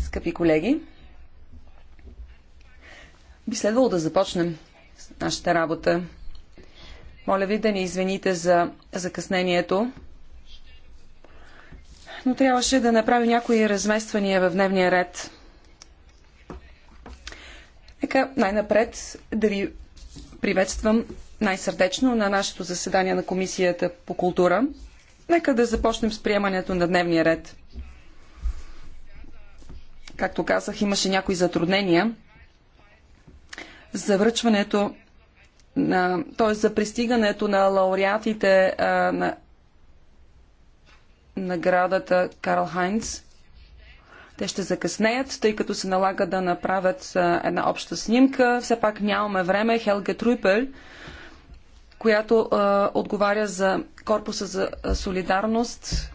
Скъпи колеги, би следвало да започнем нашата работа. Моля ви да ни извините за закъснението, но трябваше да направя някои размествания в дневния ред. Нека най-напред да ви приветствам най-сърдечно на нашето заседание на Комисията по култура. Нека да започнем с приемането на дневния ред. Както казах, имаше някои затруднения за връчването на, т.е. за пристигането на лауреатите а, на наградата Карл Хайнц. Те ще закъснеят, тъй като се налага да направят а, една обща снимка. Все пак нямаме време. Хелге Труйпел, която а, отговаря за Корпуса за солидарност.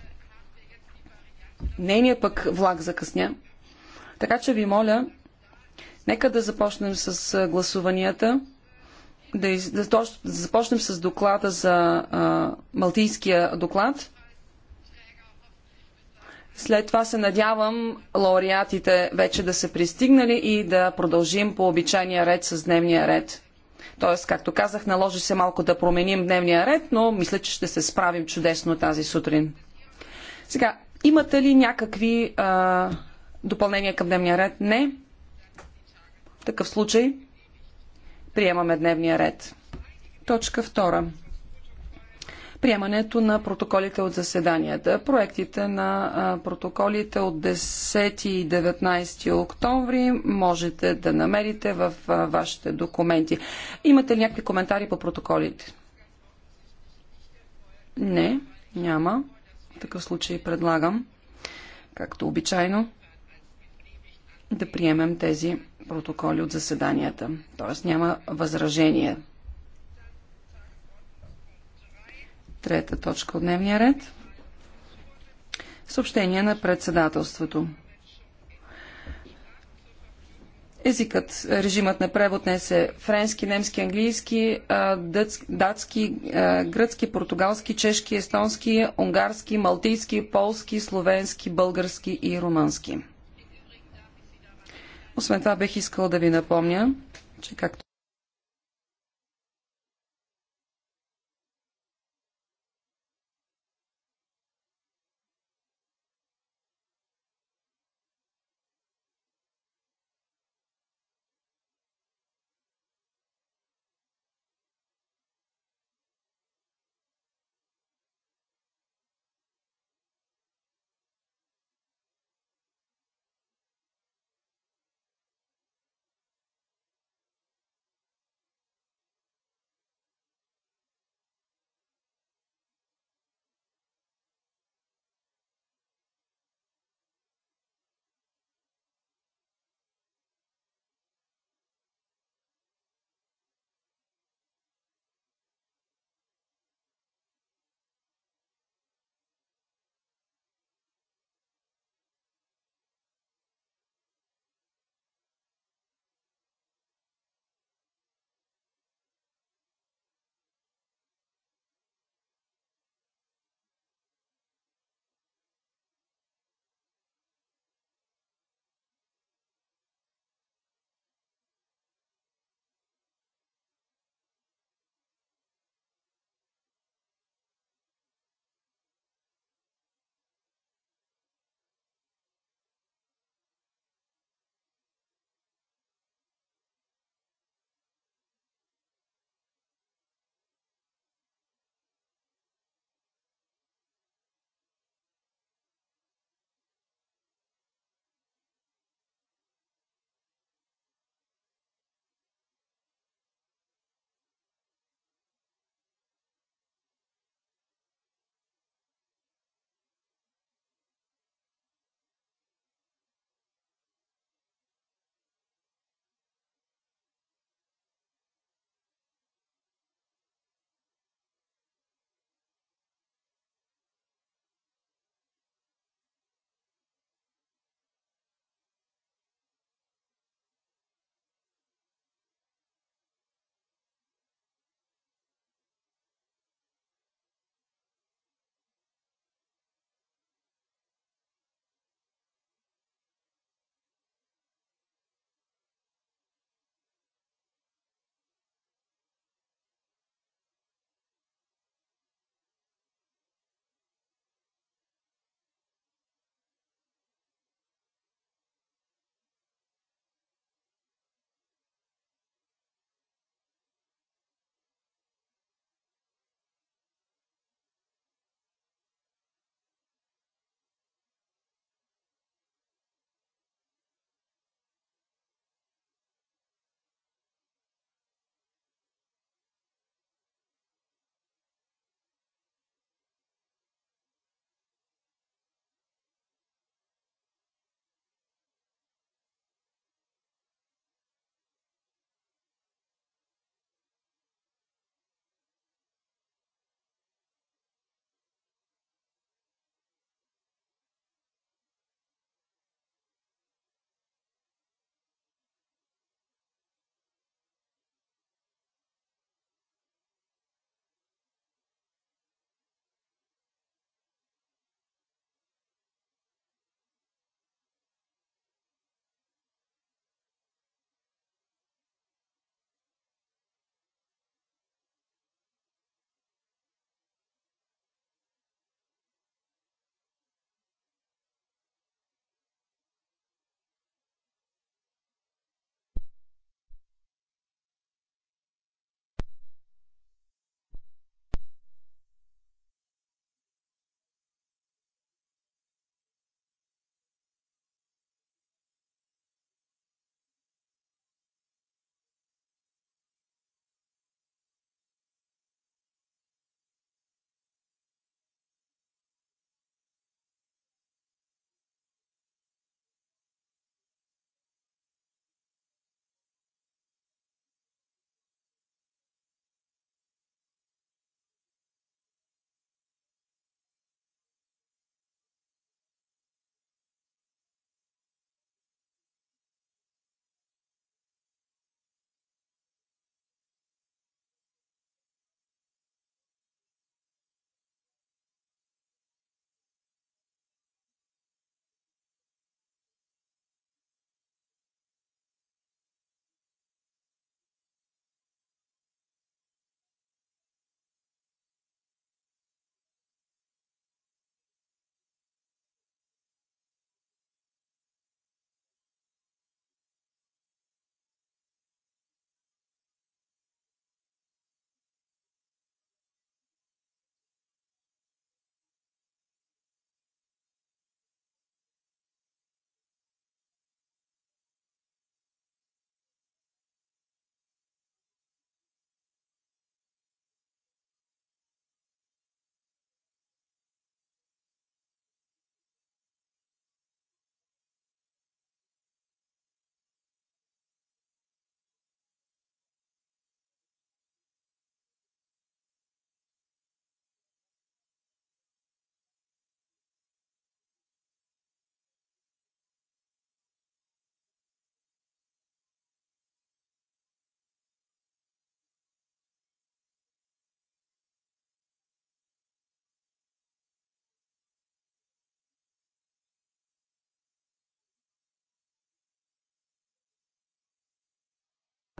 Нейният пък влак закъсня. Така че ви моля, нека да започнем с гласуванията, да, из... да, да започнем с доклада за а, Малтийския доклад. След това се надявам лауреатите вече да са пристигнали и да продължим по обичайния ред с дневния ред. Тоест, както казах, наложи се малко да променим дневния ред, но мисля, че ще се справим чудесно тази сутрин. Сега, имате ли някакви а, Допълнение към дневния ред? Не. В такъв случай приемаме дневния ред. Точка втора. Приемането на протоколите от заседанията. Проектите на протоколите от 10 и 19 октомври можете да намерите в вашите документи. Имате ли някакви коментари по протоколите? Не, няма. В такъв случай предлагам, както обичайно, да приемем тези протоколи от заседанията. Т.е. няма възражение. Трета точка от дневния ред. Съобщение на председателството. Езикът, режимът на превод не е френски, немски, английски, датски, гръцки, португалски, чешки, естонски, унгарски, малтийски, полски, словенски, български и румънски. Освен това бих искала да ви напомня, че както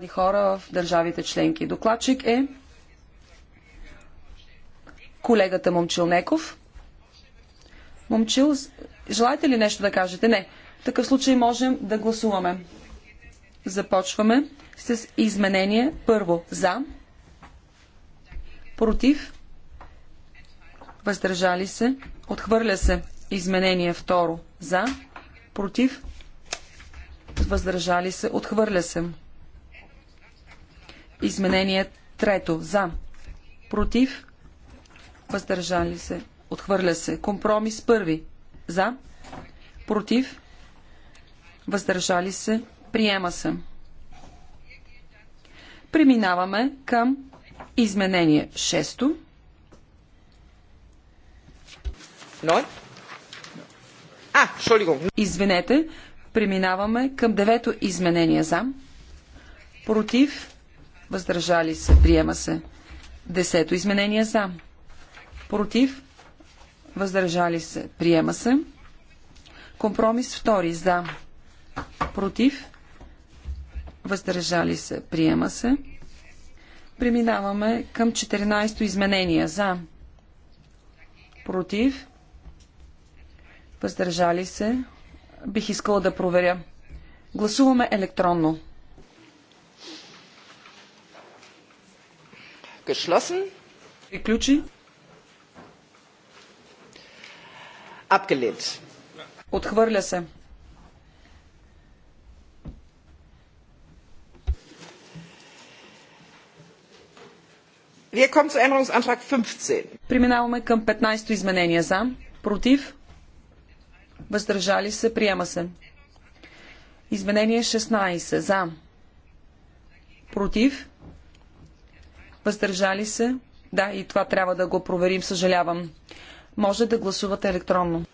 хора в държавите членки. Докладчик е колегата Неков. Момчил, желаете ли нещо да кажете? Не. В такъв случай можем да гласуваме. Започваме с изменение първо за, против, въздържали се, отхвърля се изменение второ за, против, въздържали се, отхвърля се. Изменение трето. За. Против. Въздържали се. Отхвърля се. Компромис първи. За. Против. Въздържали се. Приема се. Преминаваме към изменение шесто. Ной? А, Извинете, преминаваме към девето изменение за. Против въздържали се, приема се. Десето изменение за, против, въздържали се, приема се. Компромис втори за, против, въздържали се, приема се. Преминаваме към 14-то изменение за, против, въздържали се. Бих искала да проверя. Гласуваме електронно. Geschlossen. Приключи. Abgelehnt. Отхвърля се. Преминаваме към 15-то изменение за, против, въздържали се, приема се. Изменение 16 за, против, въздържали се. Да, и това трябва да го проверим, съжалявам. Може да гласувате електронно.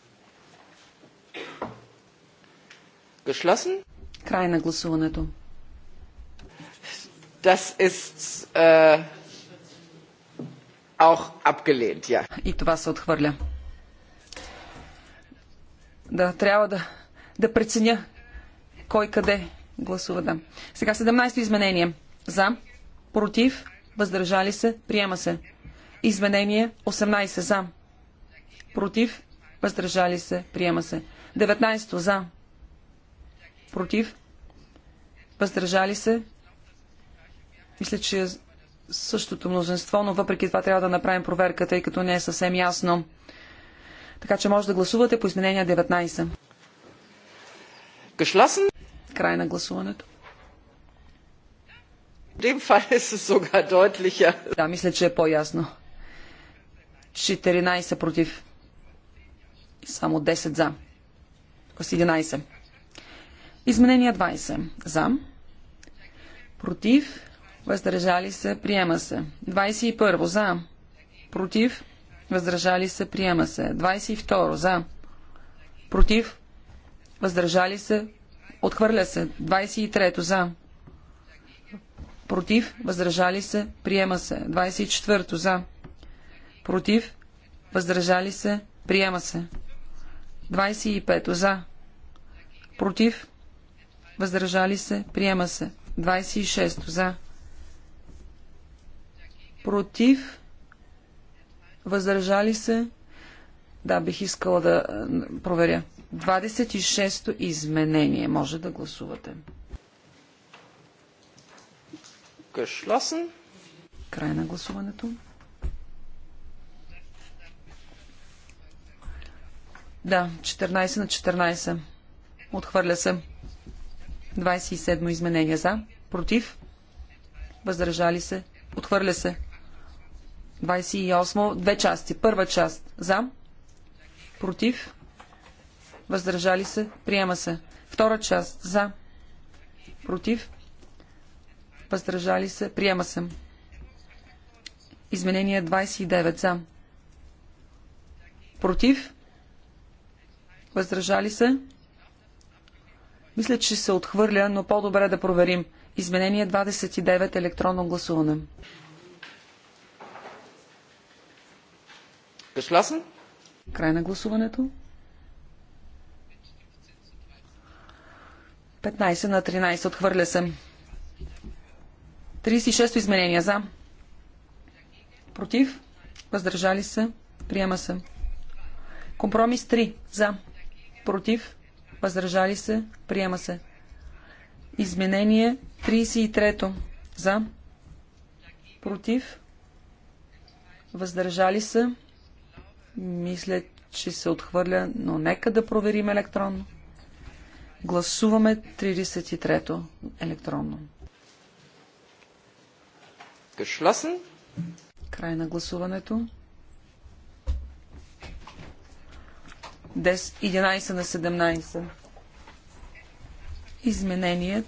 Geschlossen? Край на гласуването. Das ist äh, auch abgelehnt, ja. И това се отхвърля. Да, трябва да, да преценя кой къде гласува да. Сега 17 изменение. За, против, въздържали се, приема се. Изменение 18 за, против, въздържали се, приема се. 19 за, против, въздържали се. Мисля, че е същото мнозинство, но въпреки това трябва да направим проверка, тъй като не е съвсем ясно. Така че може да гласувате по изменение 19. Край на гласуването. Да, мисля, че е по-ясно. 14 против. Само 10 за. 11. Изменение 20. За. Против. Въздържали се. Приема се. 21. За. Против. Въздържали се. Приема се. 22. За. Против. Въздържали се. Отхвърля се. 23. За против, въздържали се, приема се. 24 за, против, въздържали се, приема се. 25 за, против, въздържали се, приема се. 26 за, против, въздържали се, да, бих искала да проверя. 26 изменение може да гласувате. Geschlossen. Край на гласуването. Да, 14 на 14. Отхвърля се. 27 изменения за. Против. Въздържали се. Отхвърля се. 28. Две части. Първа част. За. Против. Въздържали се. Приема се. Втора част. За. Против въздържали се, приема се. Изменение 29 за. Против? Въздържали се? Мисля, че се отхвърля, но по-добре да проверим. Изменение 29 електронно гласуване. Geschlossen? Край на гласуването. 15 на 13 отхвърля се. 36-то изменение за. Против. Въздържали се. Приема се. Компромис 3 за. Против. Въздържали се. Приема се. Изменение 33 за. Против. Въздържали се. Мисля, че се отхвърля, но нека да проверим електронно. Гласуваме 33-то електронно geschlossen. Край на гласуването. 11 на 17. Изменение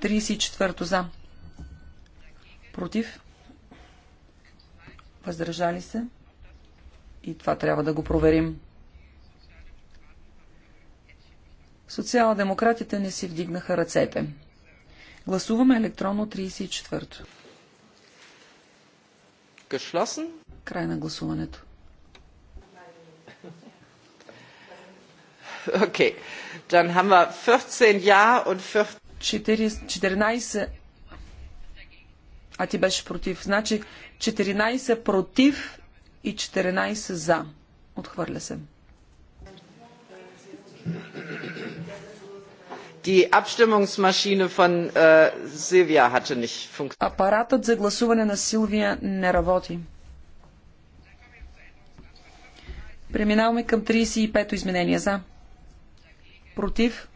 34 за. Против. Въздържали се. И това трябва да го проверим. Социал-демократите не си вдигнаха ръцете. Гласуваме електронно 34-то. Geschlossen. Край на гласуването. Okay. Dann haben wir 14 Ja und 14... 14... А ти беше против. Значи 14 против и 14 за. Отхвърля се. Äh, Апаратът за гласуване на Силвия не работи. Преминаваме към 35-то изменение. За. Против.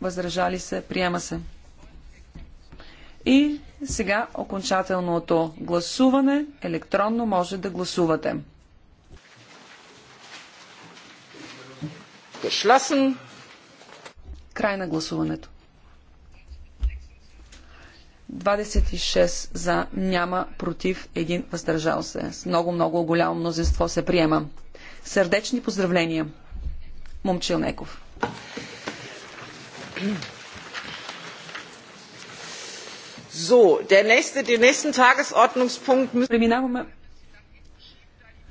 Въздържали се. Приема се. И сега окончателното гласуване електронно може да гласувате. Geschlossen. Край на гласуването. 26 за, няма против, един въздържал се. С много-много голямо мнозинство се приема. Сърдечни поздравления. Неков. So, der nächste, den nächsten Tagesordnungspunkt müssen... Преминаваме...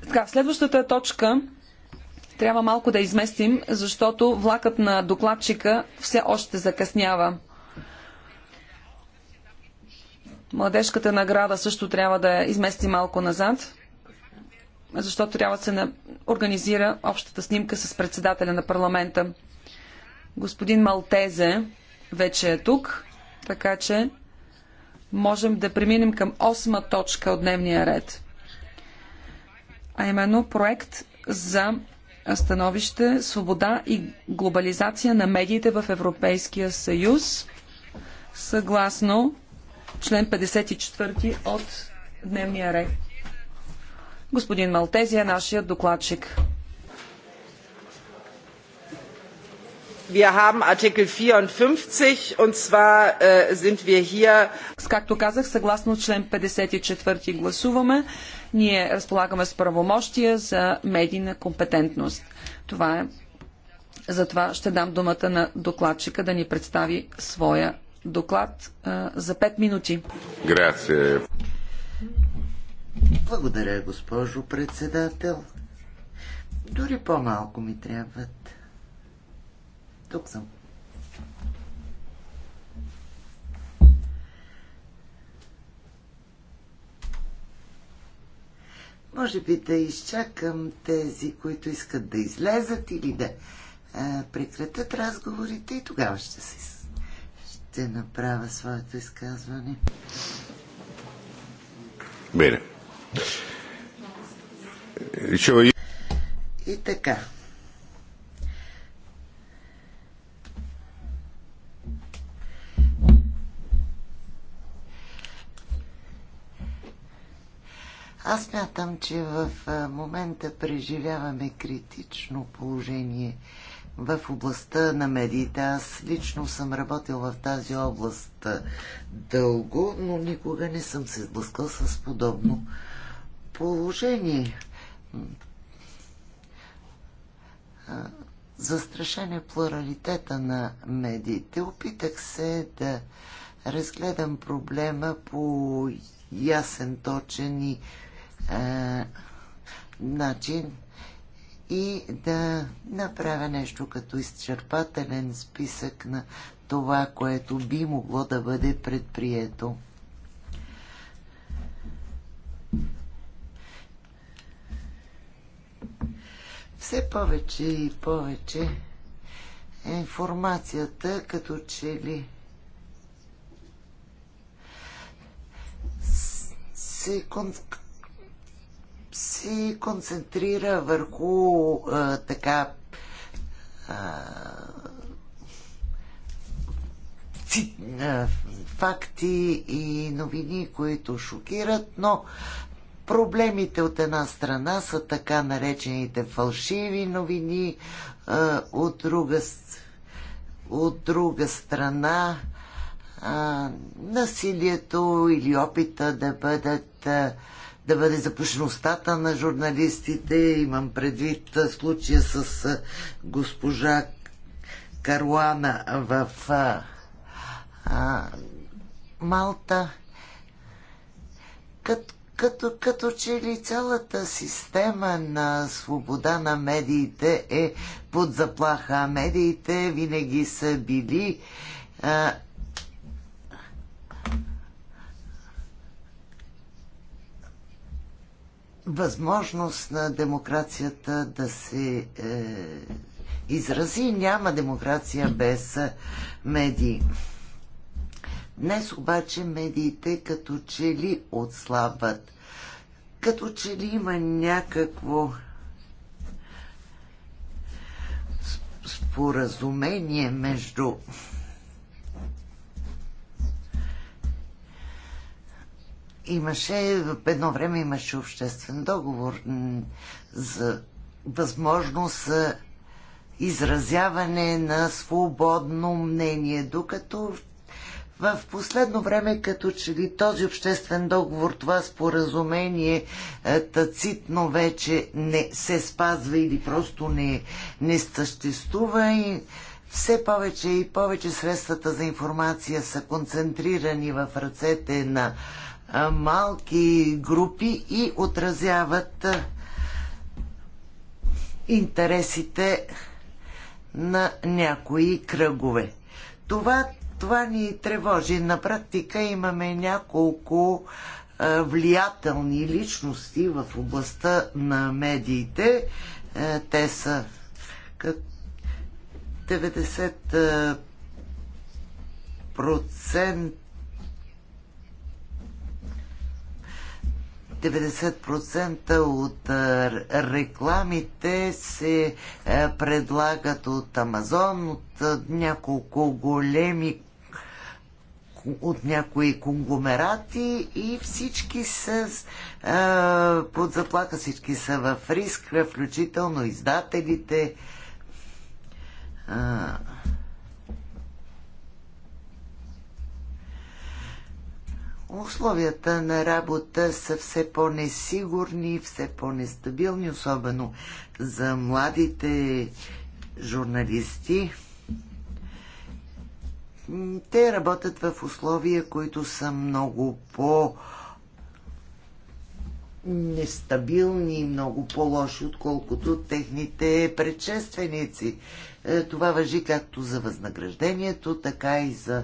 Така, следващата точка трябва малко да изместим, защото влакът на докладчика все още закъснява. Младежката награда също трябва да измести малко назад, защото трябва да се организира общата снимка с председателя на парламента. Господин Малтезе вече е тук, така че можем да преминем към осма точка от дневния ред. А именно проект за становище Свобода и глобализация на медиите в Европейския съюз, съгласно член 54 от дневния ред. Господин Малтези е нашият докладчик. Wir haben Artikel 54 und zwar äh, sind wir hier. Както казах, съгласно член 54 гласуваме. Ние разполагаме с правомощия за медийна компетентност. Това е. Затова ще дам думата на докладчика да ни представи своя доклад а, за 5 минути. Грация. Благодаря, госпожо председател. Дори по-малко ми трябват. Тук съм. Може би да изчакам тези, които искат да излезат или да а, прекратят разговорите и тогава ще, се, ще направя своето изказване. Bene. И така. Аз мятам, че в момента преживяваме критично положение в областта на медиите. Аз лично съм работил в тази област дълго, но никога не съм се сблъскал с подобно положение. Застрашен е плуралитета на медиите. Опитах се да разгледам проблема по ясен, точен и а, начин и да направя нещо като изчерпателен списък на това, което би могло да бъде предприето. Все повече и повече информацията като че ли се се концентрира върху а, така а, ци, а, факти и новини, които шокират, но проблемите от една страна са така наречените фалшиви новини, а, от, друга, от друга страна а, насилието или опита да бъдат а, да бъде запушен устата на журналистите. Имам предвид случая с госпожа Каруана в а, а, Малта. Кът, като, като че ли цялата система на свобода на медиите е под заплаха. Медиите винаги са били а, възможност на демокрацията да се е, изрази. Няма демокрация без е, медии. Днес обаче медиите като че ли отслабват. Като че ли има някакво споразумение между имаше, едно време имаше обществен договор за възможност за изразяване на свободно мнение, докато в последно време, като че ли този обществен договор, това споразумение е, тацитно вече не се спазва или просто не, не съществува и все повече и повече средствата за информация са концентрирани в ръцете на малки групи и отразяват интересите на някои кръгове. Това, това ни тревожи. На практика имаме няколко влиятелни личности в областта на медиите. Те са 90% 90% от рекламите се предлагат от Амазон, от няколко големи от някои конгломерати и всички са а, под заплаха, всички са в риск, включително издателите. А, Условията на работа са все по-несигурни, все по-нестабилни, особено за младите журналисти. Те работят в условия, които са много по- нестабилни и много по-лоши, отколкото техните предшественици. Е, това въжи както за възнаграждението, така и за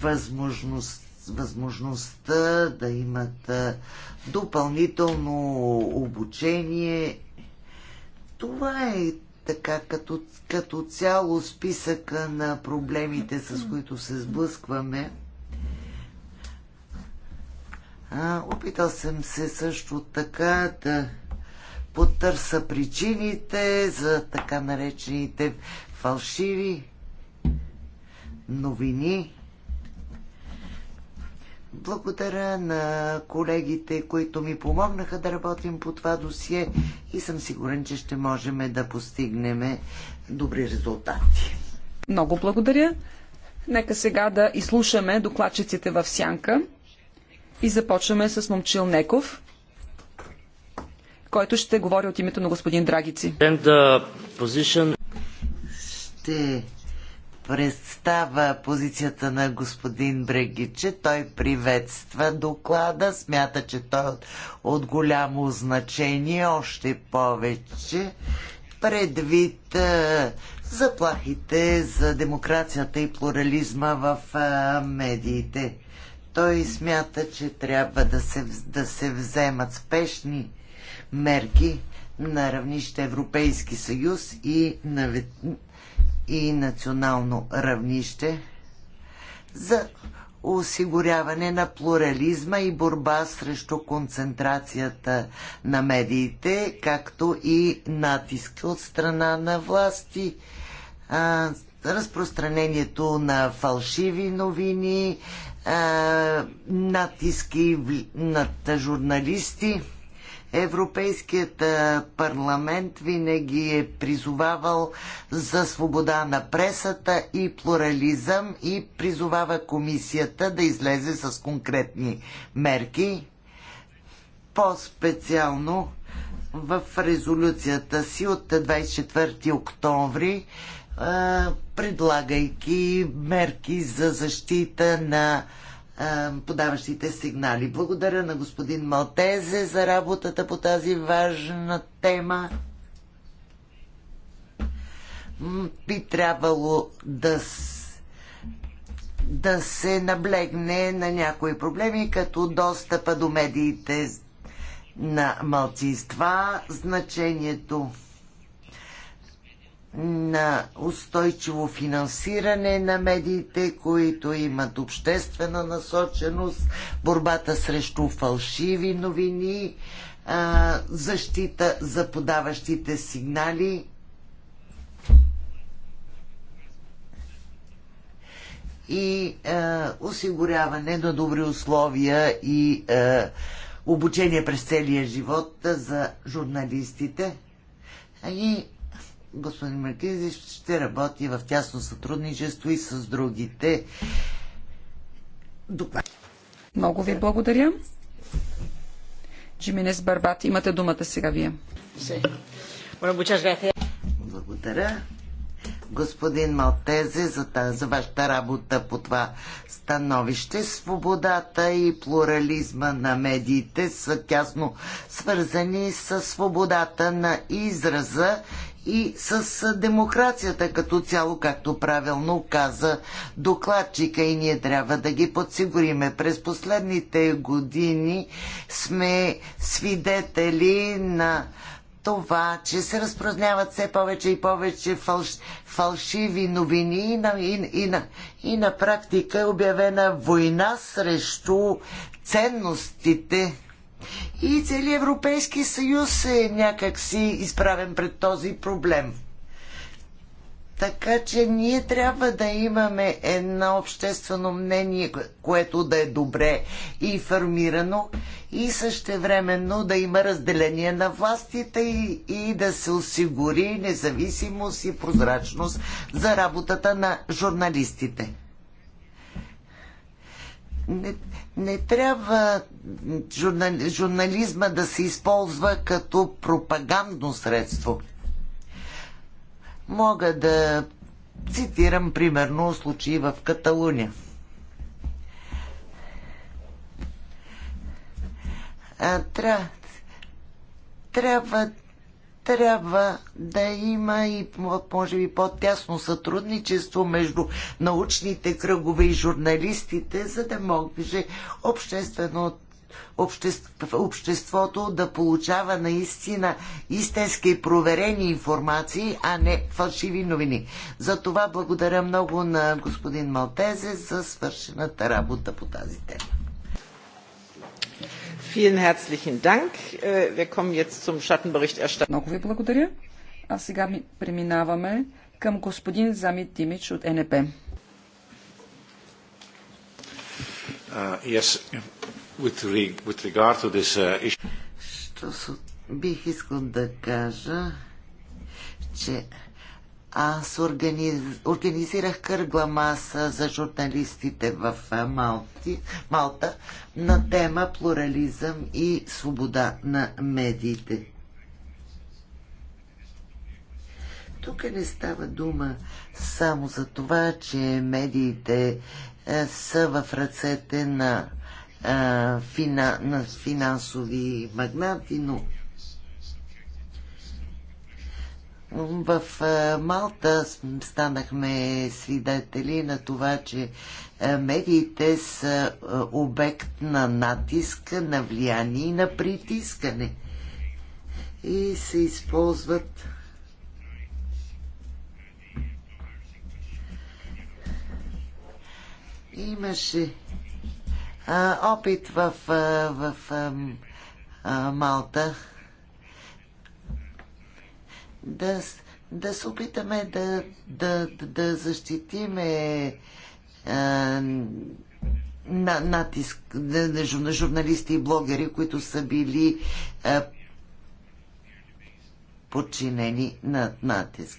възможност възможността да имат допълнително обучение. Това е така като, като цяло списъка на проблемите, с които се сблъскваме. А, опитал съм се също така да потърса причините за така наречените фалшиви новини. Благодаря на колегите, които ми помогнаха да работим по това досие и съм сигурен, че ще можем да постигнем добри резултати. Много благодаря. Нека сега да изслушаме докладчиците в сянка и започваме с Момчил Неков, който ще говори от името на господин Драгици. Uh, ще Представа позицията на господин Брегиче. Той приветства доклада, смята, че той е от, от голямо значение, още повече предвид а, е, заплахите за демокрацията и плурализма в а, е, медиите. Той смята, че трябва да се, да се вземат спешни мерки на равнище Европейски съюз и на и национално равнище за осигуряване на плурализма и борба срещу концентрацията на медиите, както и натиски от страна на власти, разпространението на фалшиви новини, натиски над журналисти. Европейският парламент винаги е призовавал за свобода на пресата и плурализъм и призовава комисията да излезе с конкретни мерки. По-специално в резолюцията си от 24 октомври предлагайки мерки за защита на подаващите сигнали. Благодаря на господин Малтезе за работата по тази важна тема. Би трябвало да да се наблегне на някои проблеми, като достъпа до медиите на малцинства, значението на устойчиво финансиране на медиите, които имат обществена насоченост, борбата срещу фалшиви новини, защита за подаващите сигнали. и е, осигуряване на добри условия и е, обучение през целия живот за журналистите. И господин Маркизи ще работи в тясно сътрудничество и с другите доклади. Много ви благодаря. Джиминес Барбат, имате думата сега вие. Благодаря господин Малтезе за, тази, за вашата работа по това становище. Свободата и плурализма на медиите са тясно свързани с свободата на израза и с демокрацията като цяло, както правилно каза докладчика и ние трябва да ги подсигуриме. През последните години сме свидетели на това, че се разпразняват все повече и повече фалш, фалшиви новини и на, и, и, на, и на практика е обявена война срещу ценностите и целият Европейски съюз е някак си изправен пред този проблем. Така че ние трябва да имаме едно обществено мнение, което да е добре информирано и същевременно да има разделение на властите и, и да се осигури независимост и прозрачност за работата на журналистите. Не, не трябва журнали, журнализма да се използва като пропагандно средство. Мога да цитирам примерно случаи в Каталуния. А, тря... трябва трябва да има и може би по-тясно сътрудничество между научните кръгове и журналистите, за да може общественото обществото да получава наистина истински проверени информации, а не фалшиви новини. За това благодаря много на господин Малтезе за свършената работа по тази тема. Vielen herzlichen Dank. Wir kommen jetzt zum Schattenberichterstatter. Много ви благодаря. А сега ми преминаваме към господин Замит Димич от НП. Uh, yes, with, with regard to this uh, issue... Бих искал да кажа, че аз организ... организирах кръгла маса за журналистите в Малти, Малта на тема плурализъм и свобода на медиите. Тук не става дума само за това, че медиите е, са в ръцете на, е, фина... на финансови магнати, но В е, Малта станахме свидетели на това, че е, медиите са е, обект на натиск, на влияние и на притискане. И се използват имаше опит в, в, в Малта да, да се опитаме да, да, да защитиме а, на, натиск на, на журналисти и блогери, които са били а, подчинени на натиск.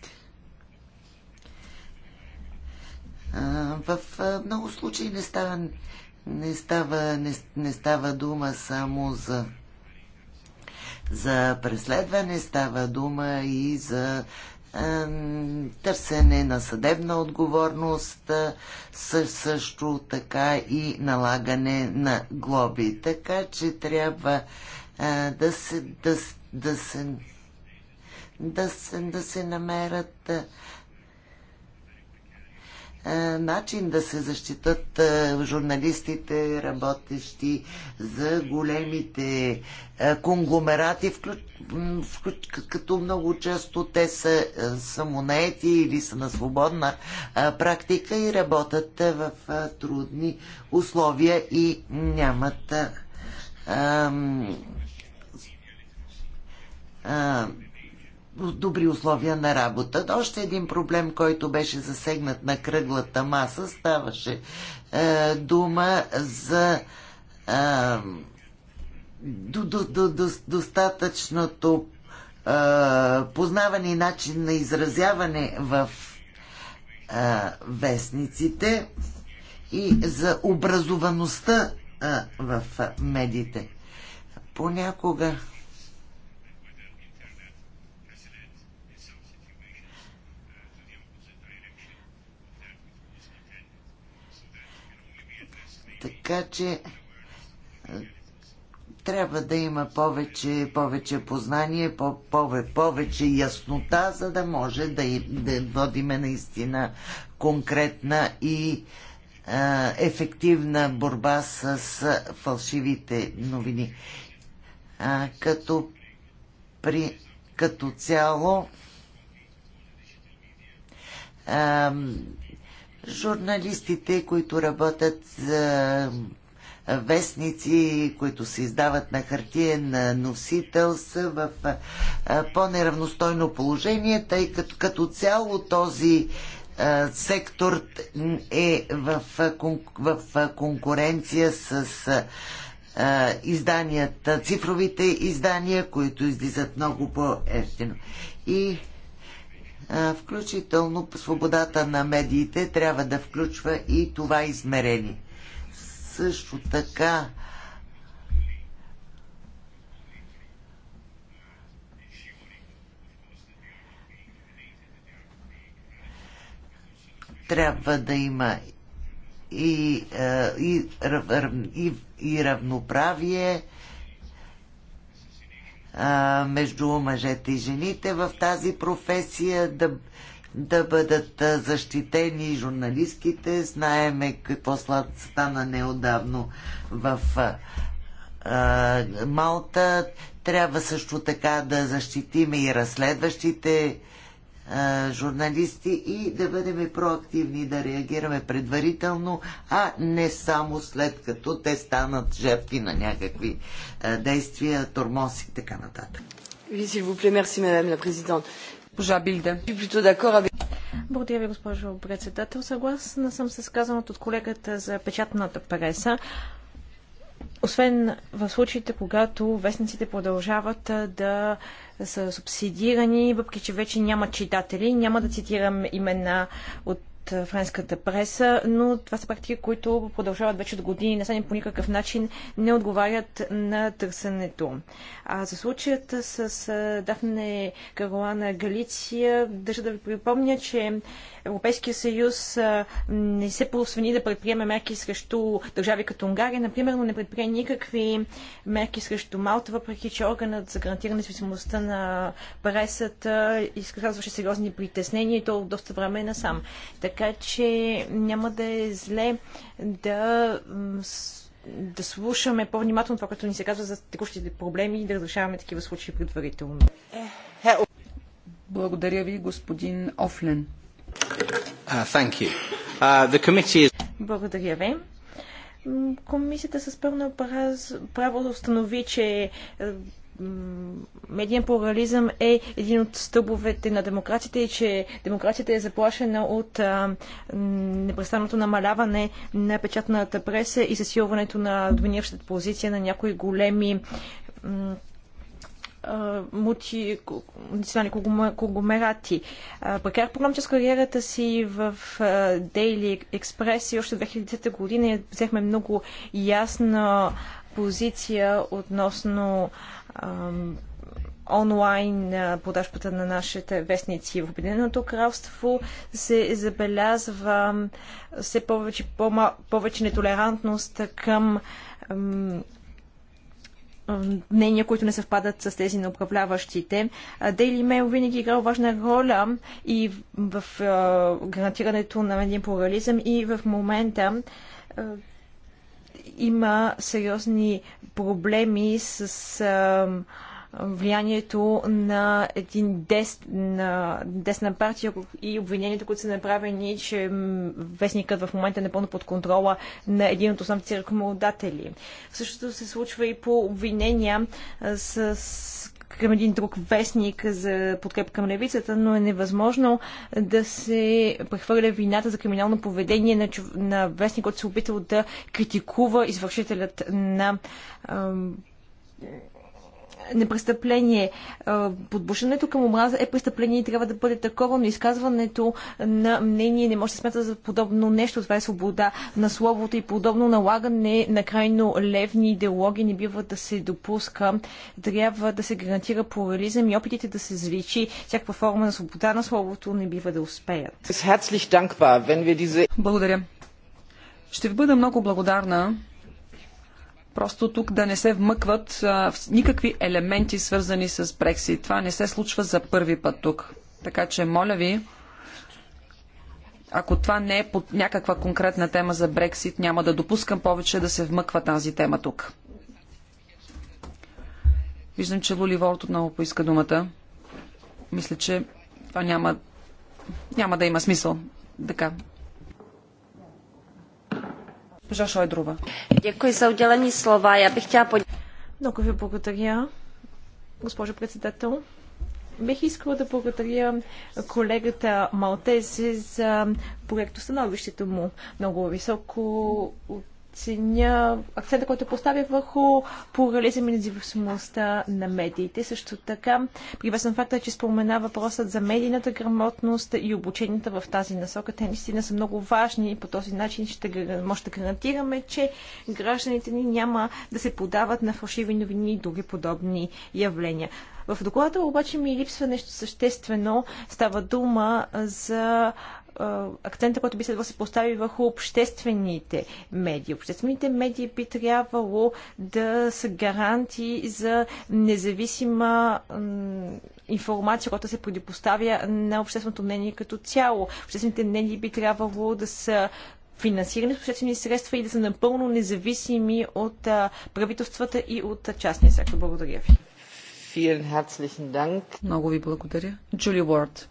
В много случаи не става, не става, не, не става дума само за за преследване, става дума и за търсене на съдебна отговорност, също така и налагане на глоби. Така че трябва да се, да, да се, да се, да се намерят е, начин да се защитат е, журналистите, работещи за големите е, конгломерати, като много често те са самонети или са на свободна практика и работят в трудни условия и нямат ам, ам, добри условия на работа. Още един проблем, който беше засегнат на кръглата маса, ставаше е, дума за е, до, до, до, до, достатъчното е, познаване и начин на изразяване в е, вестниците и за образоваността е, в медиите. Понякога Така че е, трябва да има повече, повече познание, по, повече, повече яснота, за да може да, да водиме наистина конкретна и а, е, ефективна борба с, с фалшивите новини. А, като, при, като цяло а, журналистите, които работят за вестници, които се издават на хартиен носител, са в по-неравностойно положение, тъй като като цяло този сектор е в, в конкуренция с изданията, цифровите издания, които излизат много по-ефтино. И включително свободата на медиите трябва да включва и това измерение. Също така трябва да има и, е, и, и, и равноправие а, между мъжете и жените в тази професия, да, да бъдат защитени журналистките. Знаеме какво слад стана неодавно в а, Малта. Трябва също така да защитиме и разследващите журналисти и да бъдем проактивни, да реагираме предварително, а не само след като те станат жертви на някакви действия, тормоз и така нататък. Благодаря ви, госпожо председател. Съгласна съм с казаното от колегата за печатната преса. Освен в случаите, когато вестниците продължават да са субсидирани, въпреки че вече няма читатели. Няма да цитирам имена от френската преса, но това са практики, които продължават вече от години, не са по никакъв начин не отговарят на търсенето. А за случаят с Дафне Каролана Галиция, държа да ви припомня, че Европейския съюз не се посвени да предприеме мерки срещу държави като Унгария, например, но не предприе никакви мерки срещу Малта, въпреки че органът за гарантиране зависимостта на пресата изказваше сериозни притеснения и то доста време насам. Така така че няма да е зле да да слушаме по-внимателно това, което ни се казва за текущите проблеми и да разрешаваме такива случаи предварително. Благодаря ви, господин Офлен. Uh, uh, is... Благодаря ви. Комисията с пълно право установи, че медиен плурализъм е един от стълбовете на демокрацията и че демокрацията е заплашена от непрестанното намаляване на печатната преса и засилването на доминиращата позиция на някои големи мулти, конгломерати. Прекарах програмче с кариерата си в Daily Express и още 2010 година взехме много ясна позиция относно а, онлайн продажбата на нашите вестници в Обединеното кралство се забелязва все повече, по повече нетолерантност към мнения, които не съвпадат с тези на управляващите. Daily Mail винаги е играл важна роля и в гарантирането на един плурализъм и в момента има сериозни проблеми с а, влиянието на един дес, на десна партия и обвиненията, които са направени, че вестникът в момента е напълно под контрола на един от основните ръкомодатели. Същото се случва и по обвинения с към един друг вестник за подкреп към левицата, но е невъзможно да се прехвърля вината за криминално поведение на, чов... на вестник, който се е опитал да критикува извършителят на не престъпление. Е, подбушенето към омраза е престъпление и трябва да бъде такова, но изказването на мнение не може да се смята за подобно нещо. Това е свобода на словото и подобно налагане на крайно левни идеологии не бива да се допуска. Трябва да се гарантира плурализъм и опитите да се звичи всякаква форма на свобода на словото не бива да успеят. Благодаря. Ще ви бъда много благодарна, просто тук да не се вмъкват а, никакви елементи, свързани с Брексит. Това не се случва за първи път тук. Така че, моля ви, ако това не е под някаква конкретна тема за Брексит, няма да допускам повече да се вмъква тази тема тук. Виждам, че Волт отново поиска думата. Мисля, че това няма, няма да има смисъл. Така, Госпожа Шойдрова. Дякую за отделени слова. Я бих тя Много ви благодаря, госпожо председател. Бих искала да благодаря колегата Малтези за становището му. Много високо ценя акцента, който поставя върху плурализъм и независимостта на медиите. Също така, приветствам факта, че спомена въпросът за медийната грамотност и обученията в тази насока. Те наистина са много важни и по този начин ще може да гарантираме, че гражданите ни няма да се подават на фалшиви новини и други подобни явления. В доклада обаче ми липсва нещо съществено. Става дума за акцента, който би следвало да се постави върху обществените медии. Обществените медии би трябвало да са гаранти за независима информация, която се предпоставя на общественото мнение като цяло. Обществените мнения би трябвало да са финансирани с обществени средства и да са напълно независими от правителствата и от частния сектор. Благодаря ви. Много ви благодаря. Джули Уорд.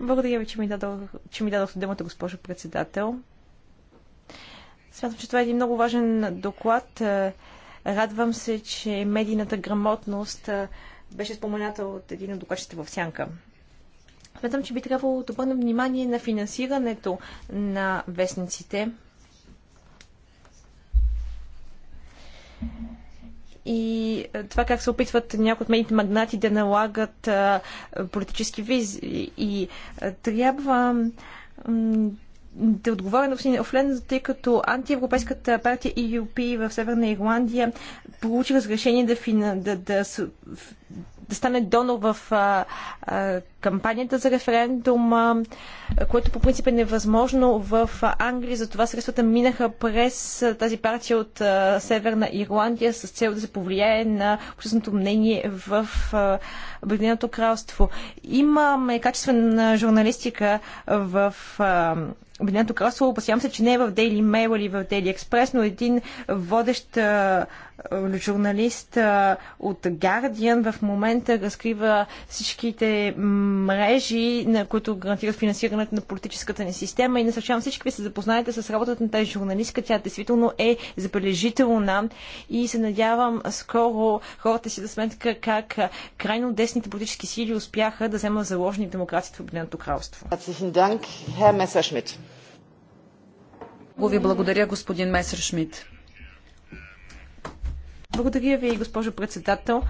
Благодаря ви, че ми, дадох, че ми дадохте думата, госпожо председател. Смятам, че това е един много важен доклад. Е, радвам се, че медийната грамотност е, беше спомената от един от докладчите в Сянка. Смятам, че би трябвало да внимание на финансирането на вестниците и е, това как се опитват някои от медийните магнати да налагат е, политически визи. И е, трябва да отговоря на господин Офлен, тъй като антиевропейската партия EUP в Северна Ирландия получи разрешение да, фина, да, да да стане донор в а, а, кампанията за референдума, което по принцип е невъзможно в Англия. Затова средствата минаха през тази партия от а, Северна Ирландия с цел да се повлияе на общественото мнение в а, Обединеното кралство. Имаме качествена журналистика в а, Обединеното кралство. Опасявам се, че не е в Daily Mail или в Daily Express, но един водещ журналист от Guardian в момента разкрива всичките мрежи, на които гарантират финансирането на политическата ни система и насърчавам всички ви се запознаете с работата на тази журналистка. Тя действително е забележителна и се надявам скоро хората си да сметка как крайно десните политически сили успяха да вземат заложни в демокрацията в Обединеното кралство. благодаря, господин Месершмит. Благодаря ви, госпожо председател.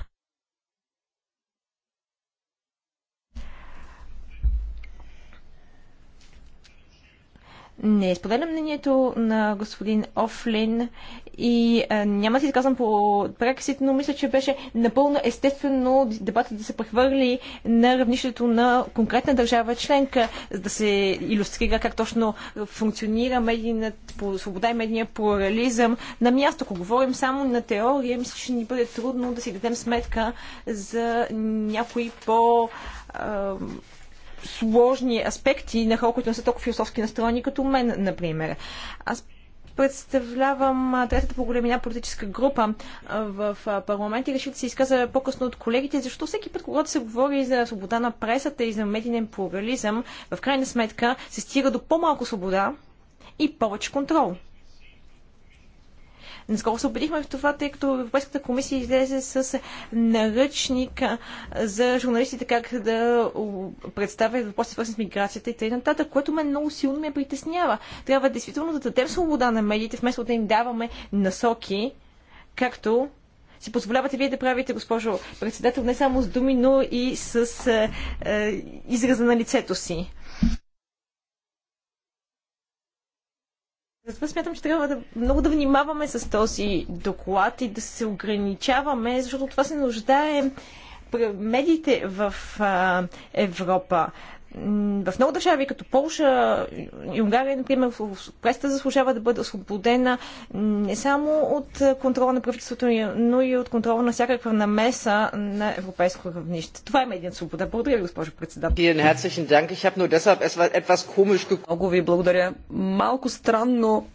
Не споделям мнението на господин Офлин и а, е, няма да се изказвам по Брексит, но мисля, че беше напълно естествено дебатът да се прехвърли на равнището на конкретна държава членка, за да се иллюстрира как точно функционира медийният по свобода и медийния плурализъм на място. Ако говорим само на теория, мисля, че ни бъде трудно да си дадем сметка за някои по- а, е, сложни аспекти на хора, които не са толкова философски настроени, като мен, например. Аз представлявам третата по големина политическа група в парламент и реших да се изказа по-късно от колегите, защо всеки път, когато се говори за свобода на пресата и за медийен плурализъм, в крайна сметка се стига до по-малко свобода и повече контрол. Наскоро се убедихме в това, тъй като Европейската комисия излезе с наръчник за журналистите как да представят въпроси, свързани с миграцията и т.н., което ме много силно ме притеснява. Трябва действително да дадем свобода на медиите, вместо да им даваме насоки, както си позволявате вие да правите, госпожо председател, не само с думи, но и с е, е, израза на лицето си. Затова смятам, че трябва да много да внимаваме с този доклад и да се ограничаваме, защото това се нуждае медиите в а, Европа в много държави, като Полша и Унгария, например, преста заслужава да бъде освободена не само от контрола на правителството, но и от контрола на всякаква намеса на европейско равнище. Това е един свобода. Благодаря ви, госпожо председател. Много ви благодаря. Малко странно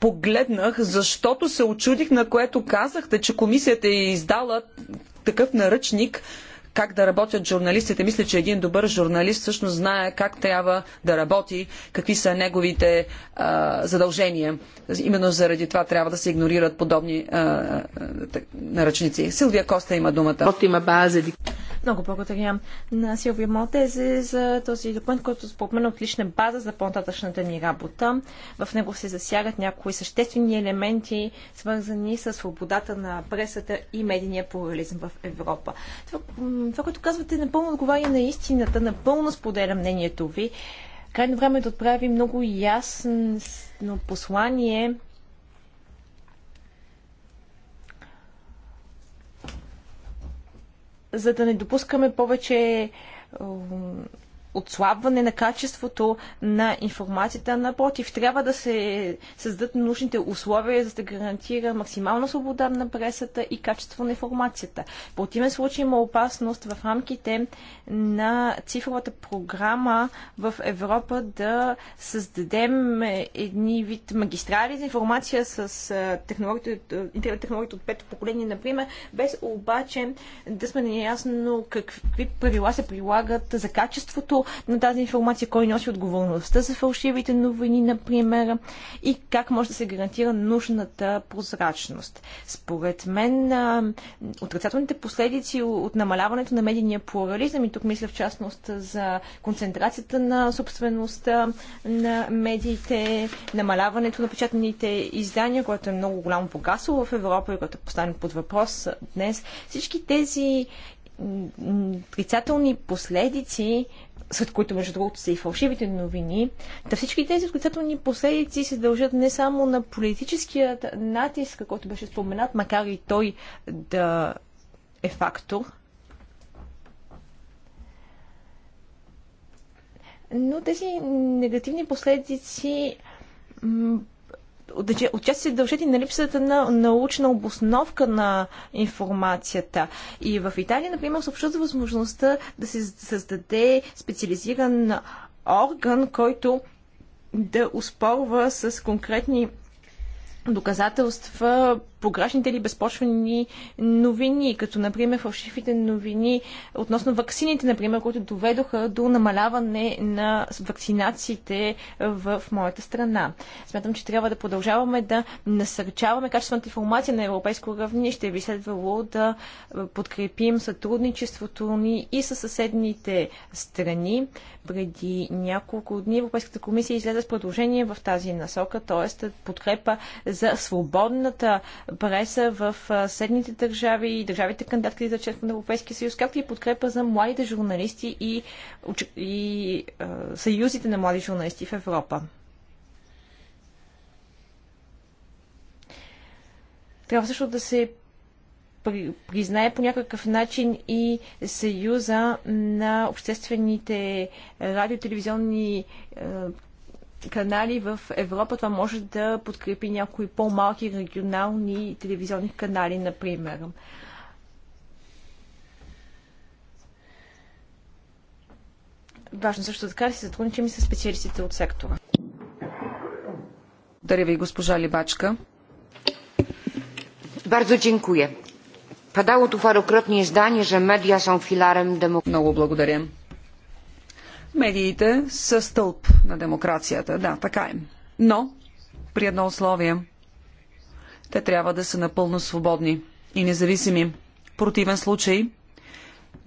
погледнах, защото се очудих на което казахте, че комисията е издала такъв наръчник как да работят журналистите. Мисля, че един добър журналист всъщност знае как трябва да работи, какви са неговите а, задължения. Именно заради това трябва да се игнорират подобни а, наръчници. Силвия Коста има думата. Много благодаря на Силвия Мотезе за този документ, който спомена от отлична база за по-нататъчната ни работа. В него се засягат някои съществени елементи, свързани с свободата на пресата и медийния плурализъм в Европа. Това това, което казвате, напълно отговаря на истината. Напълно споделя мнението ви. Крайно време е да отправи много ясно послание за да не допускаме повече отслабване на качеството на информацията. Напротив, трябва да се създадат нужните условия, за да гарантира максимална свобода на пресата и качество на информацията. В противен случай има опасност в рамките на цифровата програма в Европа да създадем едни вид магистрали за информация с интернет технологията от пето поколение, например, без обаче да сме неясно какви правила се прилагат за качеството на тази информация, кой носи отговорността за фалшивите новини, например, и как може да се гарантира нужната прозрачност. Според мен, отрицателните последици от намаляването на медийния плурализъм, и тук мисля в частност за концентрацията на собствеността на медиите, намаляването на печатаните издания, което е много голямо богатство в Европа и което е поставено под въпрос днес, всички тези отрицателни последици сред които между другото са и фалшивите новини, да всички тези отрицателни последици се дължат не само на политическият натиск, който беше споменат, макар и той да е фактор, но тези негативни последици отчасти се дължат и на липсата на научна обосновка на информацията. И в Италия, например, съобщат възможността да се създаде специализиран орган, който да успорва с конкретни доказателства погрешните или безпочвени новини, като например фалшивите новини относно ваксините, например, които доведоха до намаляване на вакцинациите в моята страна. Смятам, че трябва да продължаваме да насърчаваме качествената информация на европейско равнище. Би следвало да подкрепим сътрудничеството ни и със съседните страни. Преди няколко дни Европейската комисия излезе с предложение в тази насока, т.е. подкрепа за свободната преса в съседните държави и държавите кандидатки за членство на Европейския съюз, както и подкрепа за младите журналисти и, и е, съюзите на млади журналисти в Европа. Трябва също да се признае по някакъв начин и съюза на обществените радиотелевизионни е, канали в Европа. Това може да подкрепи някои по-малки регионални телевизионни канали, например. Важно също така да се сътрудничим и с специалистите от сектора. Благодаря ви, госпожа Либачка. Bardzo dziękuję. Пadało tu parokrotnie zdanie, że media są filarem demokracji. Много благодаря. Медиите са стълб на демокрацията. Да, така е. Но при едно условие. Те трябва да са напълно свободни и независими. В противен случай,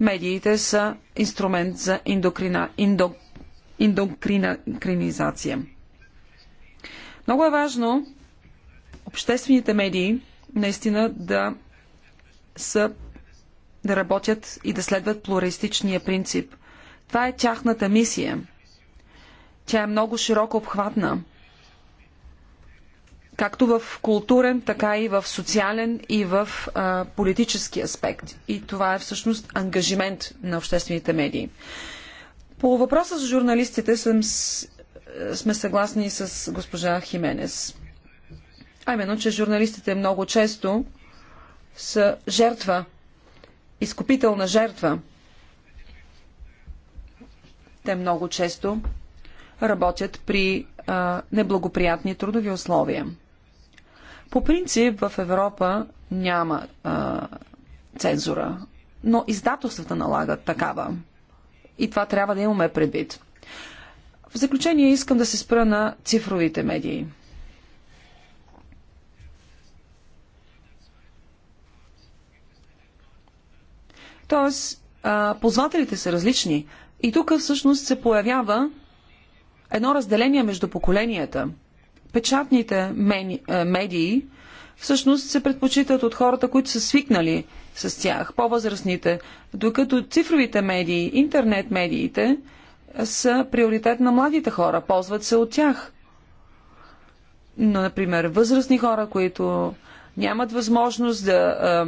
медиите са инструмент за индокрина, индо, индокринизация. Много е важно обществените медии наистина да са да работят и да следват плуралистичния принцип. Това е тяхната мисия. Тя е много широко обхватна. Както в културен, така и в социален и в а, политически аспект. И това е всъщност ангажимент на обществените медии. По въпроса с журналистите съм с, сме съгласни с госпожа Хименес. А именно, че журналистите много често са жертва, изкупителна жертва. Те много често работят при а, неблагоприятни трудови условия. По принцип в Европа няма а, цензура, но издателствата налагат такава. И това трябва да имаме предвид. В заключение искам да се спра на цифровите медии. Тоест, а, ползвателите са различни. И тук всъщност се появява едно разделение между поколенията. Печатните медии всъщност се предпочитат от хората, които са свикнали с тях, по-възрастните, докато цифровите медии, интернет медиите са приоритет на младите хора, ползват се от тях. Но, например, възрастни хора, които нямат възможност да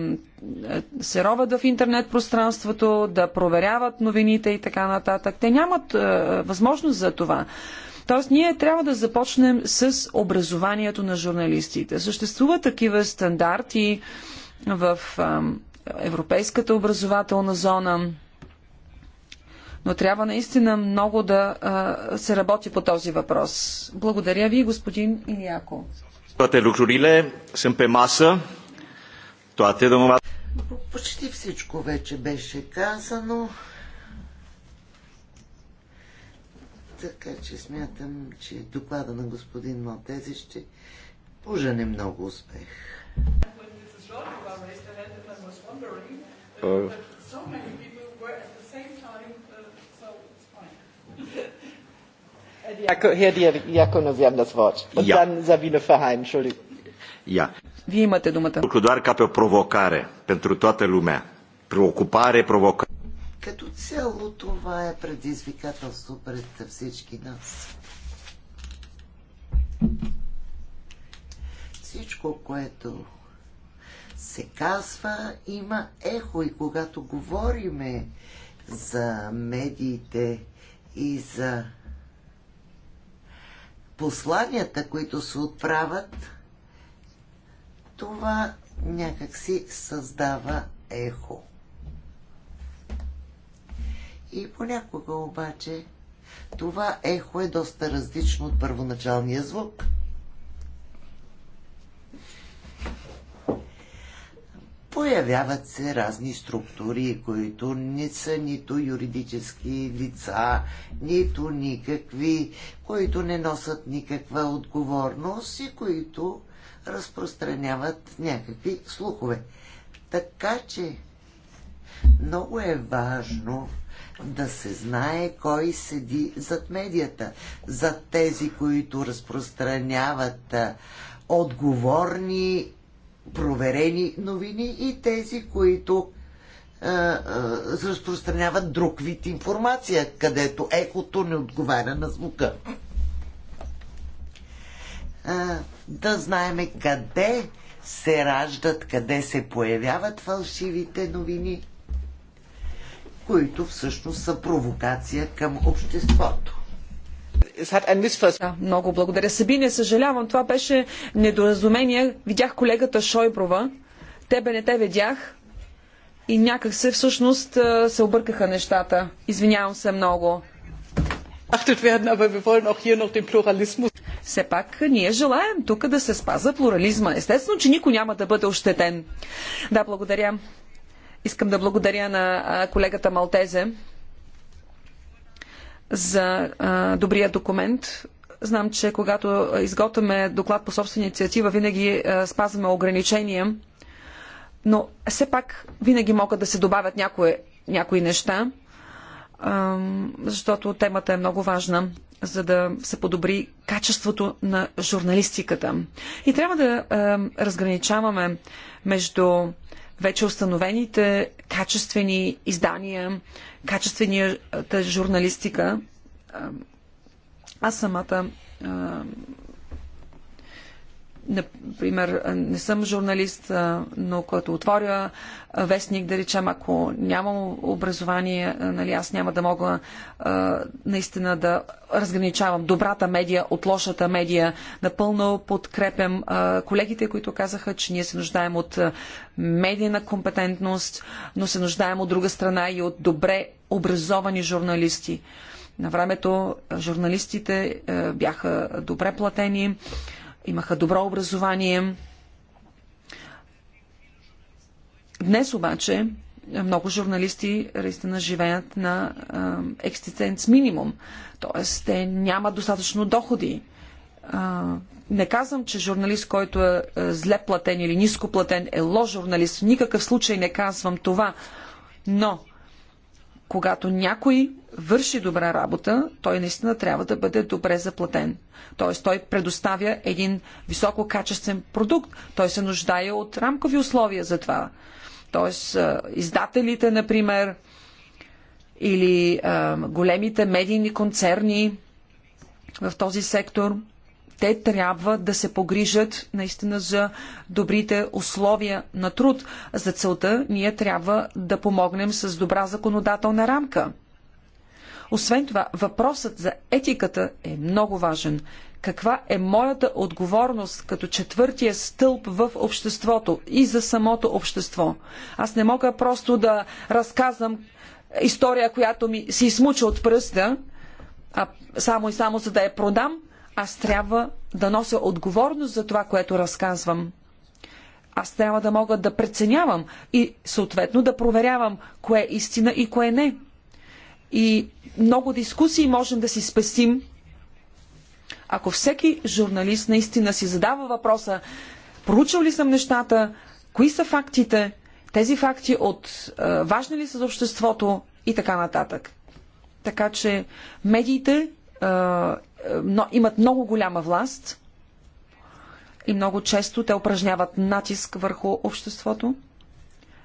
се роват в интернет пространството, да проверяват новините и така нататък. Те нямат възможност за това. Тоест, ние трябва да започнем с образованието на журналистите. Съществуват такива стандарти в Европейската образователна зона, но трябва наистина много да се работи по този въпрос. Благодаря ви, господин Ильяко. Toate lucrurile sunt pe masă. Toate, domnul... Почти всичко вече беше казано. Така че смятам, че доклада на господин Малтези ще пожене много успех. Uh, Herr Diakonov, Sie haben das Wort. Und ja. dann Sabine Verheyen, Entschuldigung. Ia. Вие имате думата. Lucru doar ca pe o provocare pentru toată lumea. Preocupare, provocare. Като цяло това е предизвикателство пред всички нас. Всичко, което се казва, има ехо и когато говориме за медиите и за посланията, които се отправят, това някакси създава ехо. И понякога обаче това ехо е доста различно от първоначалния звук – Появяват се разни структури, които не са нито юридически лица, нито никакви, които не носят никаква отговорност и които разпространяват някакви слухове. Така че много е важно да се знае кой седи зад медията, зад тези, които разпространяват отговорни проверени новини и тези, които разпространяват друг вид информация, където екото не отговаря на звука. А, да знаеме къде се раждат, къде се появяват фалшивите новини, които всъщност са провокация към обществото. Да, много благодаря. Сабине, съжалявам, това беше недоразумение. Видях колегата Шойброва. Тебе не те видях. И някак се всъщност се объркаха нещата. Извинявам се много. Все пак ние желаем тук да се спаза плурализма. Естествено, че никой няма да бъде ощетен. Да, благодаря. Искам да благодаря на колегата Малтезе за а, добрия документ. Знам, че когато изготвяме доклад по собствена инициатива, винаги а, спазваме ограничения, но все пак винаги могат да се добавят някои, някои неща, а, защото темата е много важна, за да се подобри качеството на журналистиката. И трябва да а, разграничаваме между вече установените качествени издания, качествената журналистика. Аз самата Например, не съм журналист, но като отворя вестник, да речем, ако нямам образование, нали, аз няма да мога наистина да разграничавам добрата медия от лошата медия. Напълно подкрепям колегите, които казаха, че ние се нуждаем от медийна компетентност, но се нуждаем от друга страна и от добре образовани журналисти. На времето журналистите бяха добре платени имаха добро образование. Днес обаче много журналисти наистина живеят на екстиценц минимум, т.е. те нямат достатъчно доходи. А, не казвам, че журналист, който е, е зле платен или ниско платен е лош журналист. В никакъв случай не казвам това. Но когато някой върши добра работа, той наистина трябва да бъде добре заплатен. Т.е. той предоставя един висококачествен продукт. Той се нуждае от рамкови условия за това. Т.е. издателите, например, или а, големите медийни концерни в този сектор – те трябва да се погрижат наистина за добрите условия на труд. За целта ние трябва да помогнем с добра законодателна рамка. Освен това, въпросът за етиката е много важен. Каква е моята отговорност като четвъртия стълб в обществото и за самото общество? Аз не мога просто да разказвам история, която ми се измуча от пръста, а само и само за да я продам, аз трябва да нося отговорност за това, което разказвам. Аз трябва да мога да преценявам и съответно да проверявам кое е истина и кое не. И много дискусии можем да си спестим, ако всеки журналист наистина си задава въпроса, проучил ли съм нещата, кои са фактите, тези факти от е, важни ли са за обществото и така нататък. Така че медиите е, имат много голяма власт и много често те упражняват натиск върху обществото.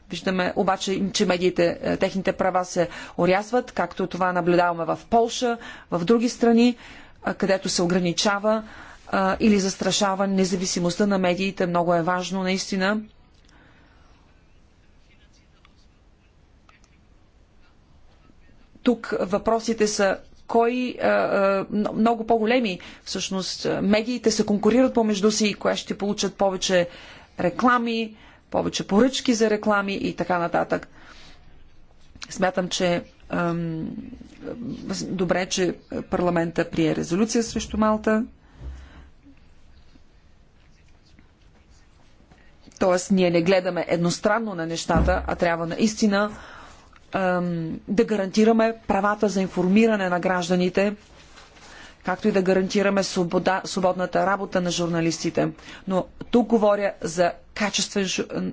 Виждаме обаче, че медиите, е, техните права се орязват, както това наблюдаваме в Полша, в други страни, е, където се ограничава е, или застрашава независимостта на медиите. Много е важно наистина тук въпросите са кой много по-големи всъщност медиите се конкурират помежду си и кое ще получат повече реклами, повече поръчки за реклами и така нататък. Смятам, че добре, че парламента прие резолюция срещу Малта. Тоест, ние не гледаме едностранно на нещата, а трябва наистина да гарантираме правата за информиране на гражданите, както и да гарантираме свобода, свободната работа на журналистите. Но тук говоря за качествен,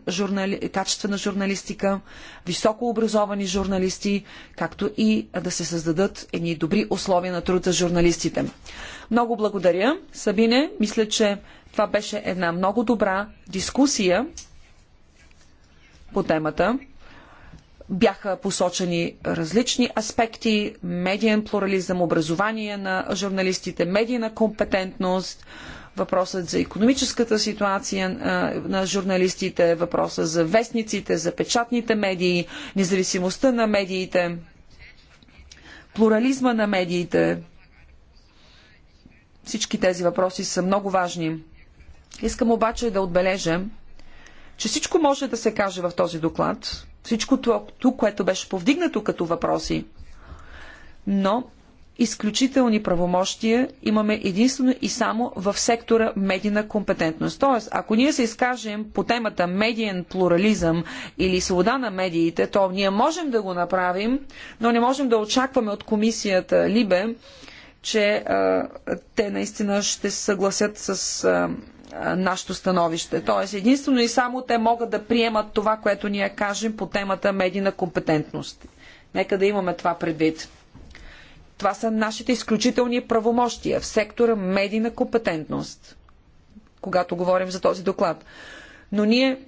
журнали, качествена журналистика, високо образовани журналисти, както и да се създадат едни добри условия на труд за журналистите. Много благодаря, Сабине. Мисля, че това беше една много добра дискусия по темата. Бяха посочени различни аспекти медиен плурализъм, образование на журналистите, медийна компетентност, въпросът за економическата ситуация на журналистите, въпросът за вестниците, за печатните медии, независимостта на медиите, плурализма на медиите. Всички тези въпроси са много важни. Искам обаче да отбележа, че всичко може да се каже в този доклад, всичко тук, което беше повдигнато като въпроси. Но изключителни правомощия имаме единствено и само в сектора медийна компетентност. Тоест, ако ние се изкажем по темата медиен плурализъм или свобода на медиите, то ние можем да го направим, но не можем да очакваме от комисията Либе, че а, те наистина ще се съгласят с а, нашето становище. Тоест, единствено и само те могат да приемат това, което ние кажем по темата медийна компетентност. Нека да имаме това предвид. Това са нашите изключителни правомощия в сектора медийна компетентност, когато говорим за този доклад. Но ние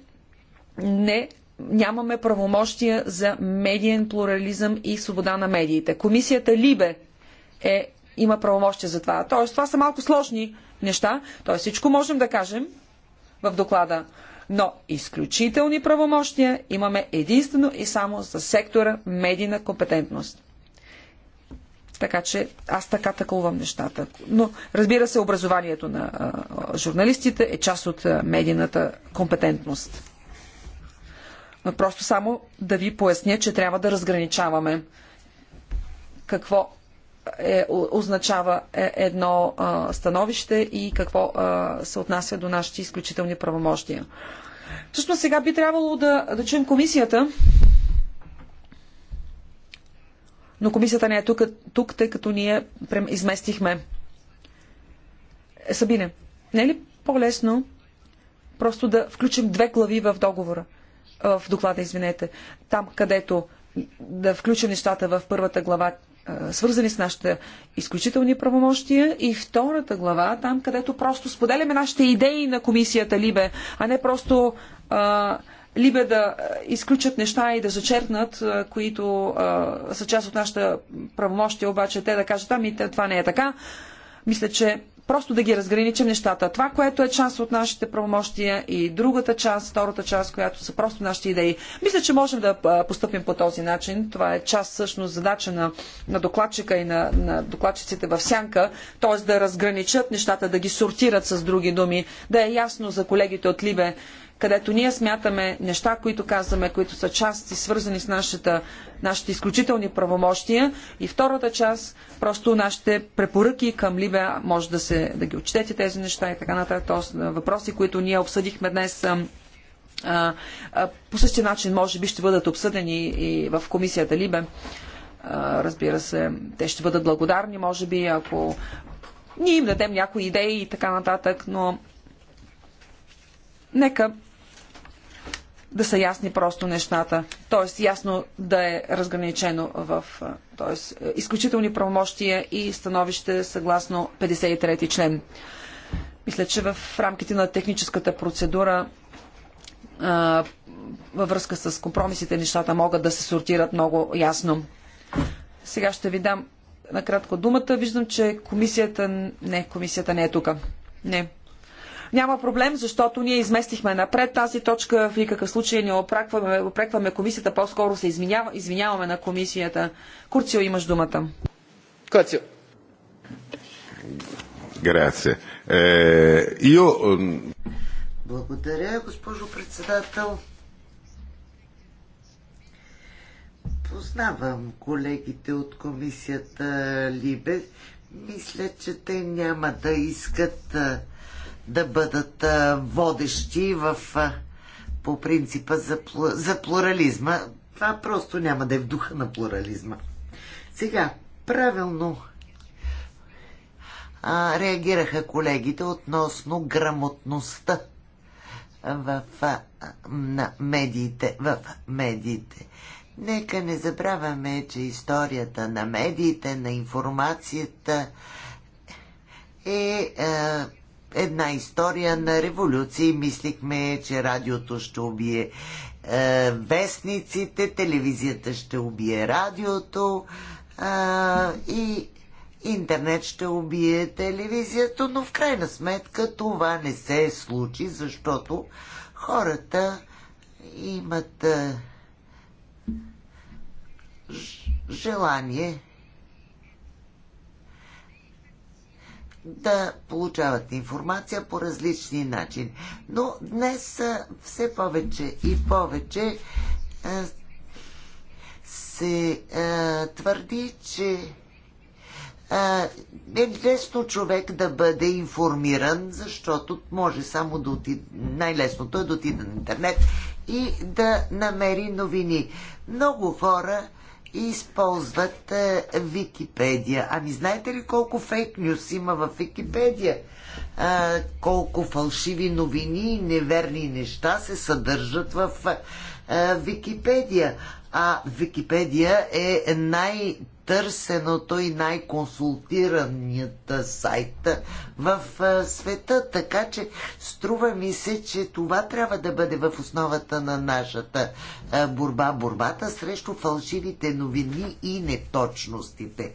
не нямаме правомощия за медиен плурализъм и свобода на медиите. Комисията Либе е, има правомощия за това. Тоест, това са малко сложни неща, т.е. всичко можем да кажем в доклада, но изключителни правомощия имаме единствено и само за сектора медийна компетентност. Така че аз така такувам нещата. Но разбира се, образованието на а, журналистите е част от а, медийната компетентност. Но просто само да ви поясня, че трябва да разграничаваме какво е, означава е, едно а, становище и какво а, се отнася до нашите изключителни правомощия. Всъщност сега би трябвало да, да чуем комисията, но комисията не е тук, тук тъй като ние изместихме. Е, Сабине, не е ли по-лесно просто да включим две глави в договора, в доклада, извинете, там където да включим нещата в първата глава, свързани с нашите изключителни правомощия и втората глава, там където просто споделяме нашите идеи на комисията Либе, а не просто а, Либе да изключат неща и да зачеркнат, които а, са част от нашите правомощия, обаче те да кажат, ами това не е така. Мисля, че просто да ги разграничим нещата. Това, което е част от нашите правомощия и другата част, втората част, която са просто нашите идеи. Мисля, че можем да поступим по този начин. Това е част всъщност задача на, на докладчика и на, на докладчиците в сянка, т.е. да разграничат нещата, да ги сортират с други думи, да е ясно за колегите от Либе където ние смятаме неща, които казваме, които са части свързани с нашата, нашите изключителни правомощия. И втората част, просто нашите препоръки към Либе, може да, се, да ги отчетете тези неща и така нататък. Тоест, въпроси, които ние обсъдихме днес а, а, по същия начин може би ще бъдат обсъдени и в комисията Либе. А, разбира се, те ще бъдат благодарни, може би, ако ние им дадем някои идеи и така нататък, но нека да са ясни просто нещата. Т.е. ясно да е разграничено в т.е. изключителни правомощия и становище съгласно 53 член. Мисля, че в рамките на техническата процедура а, във връзка с компромисите нещата могат да се сортират много ясно. Сега ще ви дам накратко думата. Виждам, че комисията... Не, комисията не е тук. Не няма проблем, защото ние изместихме напред тази точка. В никакъв случай не упрекваме опрекваме комисията, по-скоро се извинява, извиняваме на комисията. Курцио, имаш думата. Курцио. Грация. Е, ио... Благодаря, госпожо председател. Познавам колегите от комисията Либе. Мисля, че те няма да искат да бъдат водещи в, по принципа за, за плурализма. Това просто няма да е в духа на плурализма. Сега, правилно а, реагираха колегите относно грамотността в, а, на медиите, в медиите. Нека не забравяме, че историята на медиите, на информацията е, е една история на революции. Мислихме, че радиото ще убие е, вестниците, телевизията ще убие радиото е, и интернет ще убие телевизията, но в крайна сметка това не се случи, защото хората имат е, желание да получават информация по различни начини. Но днес все повече и повече се твърди, че е лесно човек да бъде информиран, защото може само да отиде, най-лесното е да отиде на интернет и да намери новини. Много хора използват е, Википедия. Ами знаете ли колко фейк нюс има в Википедия? А, колко фалшиви новини и неверни неща се съдържат в а, е, Википедия. А Википедия е най- най-търсеното и най-консултираният сайт в света. Така че струва ми се, че това трябва да бъде в основата на нашата борба. Борбата срещу фалшивите новини и неточностите.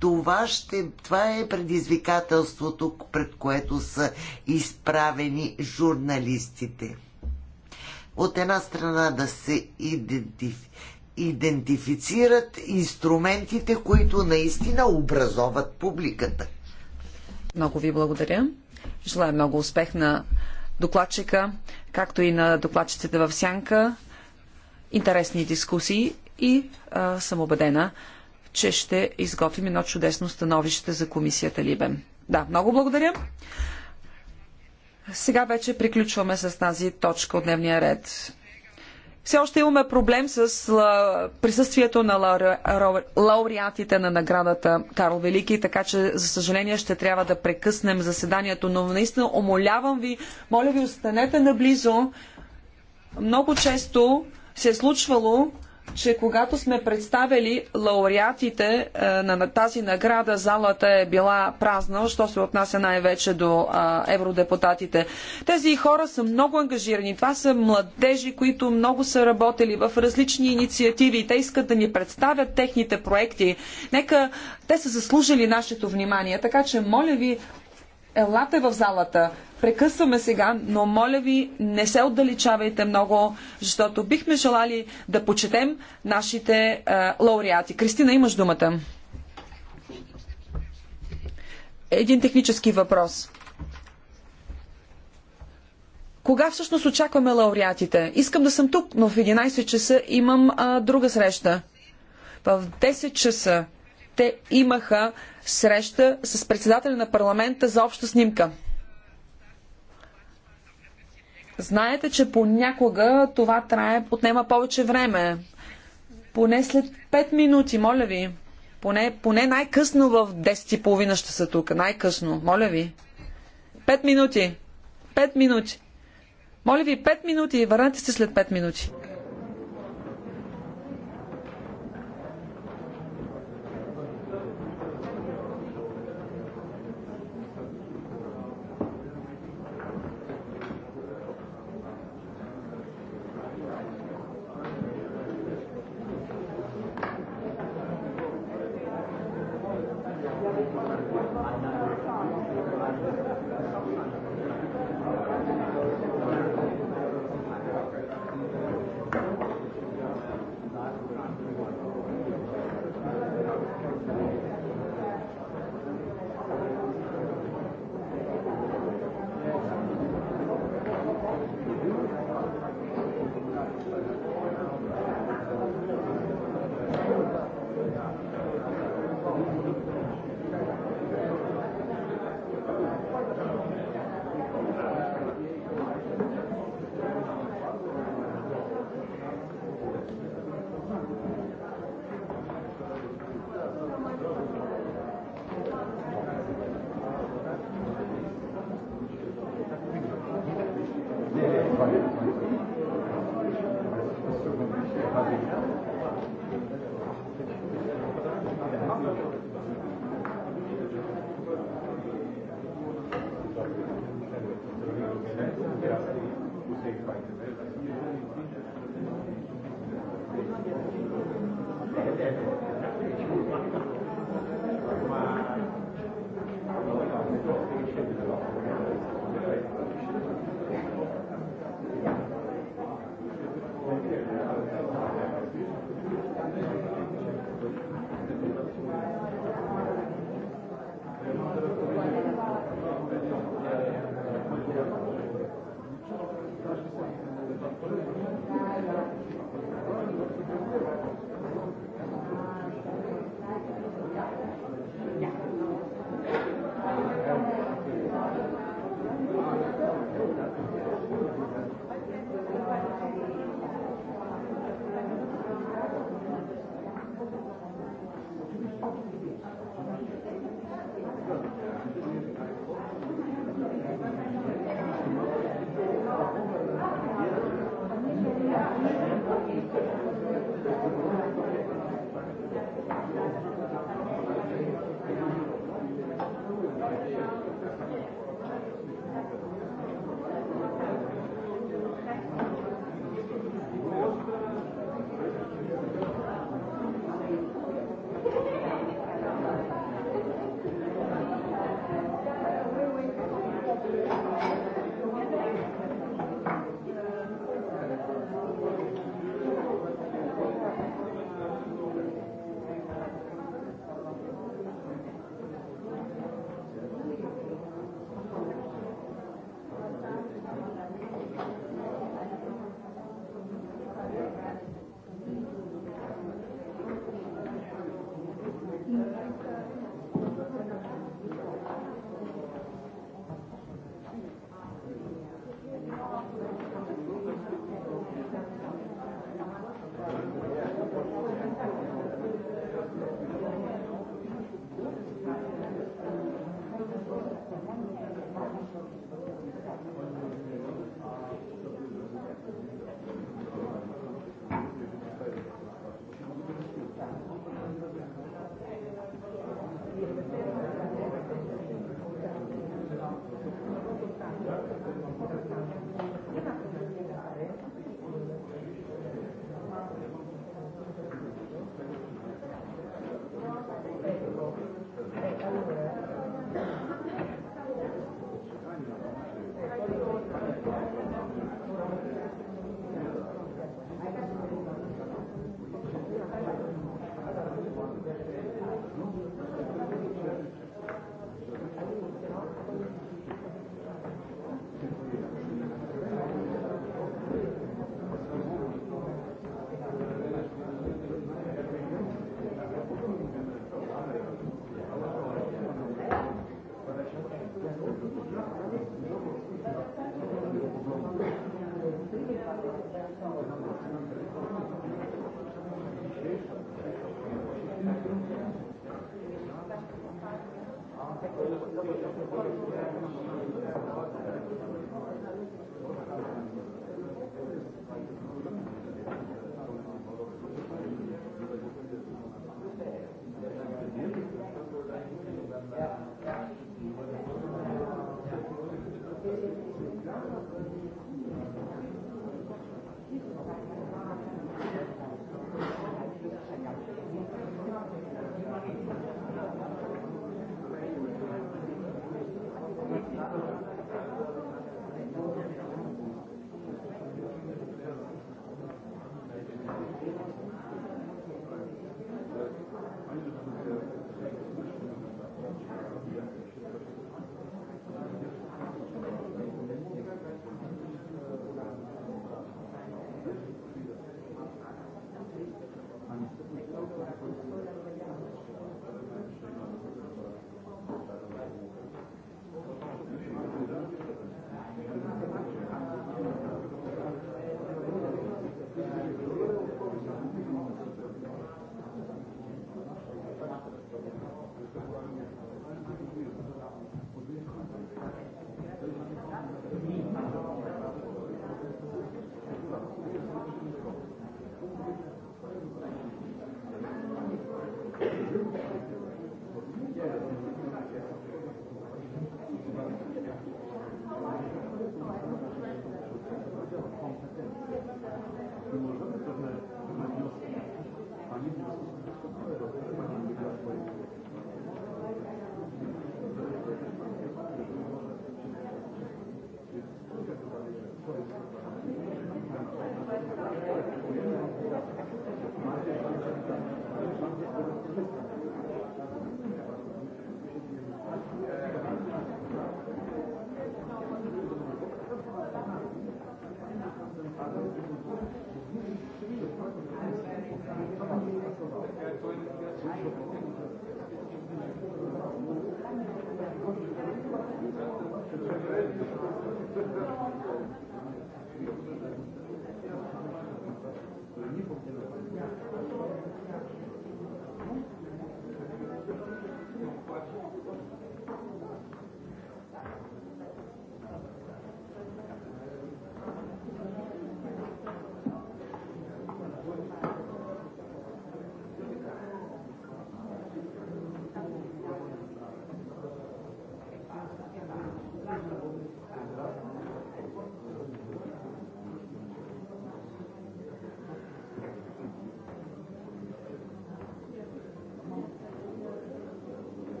Това, ще, това е предизвикателството, пред което са изправени журналистите от една страна да се идентиф идентифицират инструментите, които наистина образоват публиката. Много ви благодаря. Желая много успех на докладчика, както и на докладчиците в Сянка. Интересни дискусии и а, съм убедена, че ще изготвим едно чудесно становище за комисията Либен. Да, много благодаря. Сега вече приключваме с тази точка от дневния ред все още имаме проблем с присъствието на лауреатите на наградата Карл Велики, така че, за съжаление, ще трябва да прекъснем заседанието, но наистина умолявам ви, моля ви, останете наблизо. Много често се е случвало че когато сме представили лауреатите е, на, тази награда, залата е била празна, що се отнася най-вече до е, евродепутатите. Тези хора са много ангажирани. Това са младежи, които много са работили в различни инициативи и те искат да ни представят техните проекти. Нека те са заслужили нашето внимание. Така че, моля ви, елате в залата, прекъсваме сега, но моля ви, не се отдалечавайте много, защото бихме желали да почетем нашите а, е, лауреати. Кристина, имаш думата. Един технически въпрос. Кога всъщност очакваме лауреатите? Искам да съм тук, но в 11 часа имам а, друга среща. В 10 часа те имаха среща с председателя на парламента за обща снимка. Знаете, че понякога това трае, отнема повече време. Поне след 5 минути, моля ви. Поне, поне най-късно в 10.30 ще са тук. Най-късно, моля ви. 5 минути. 5 минути. Моля ви, 5 минути. Върнете се след 5 минути.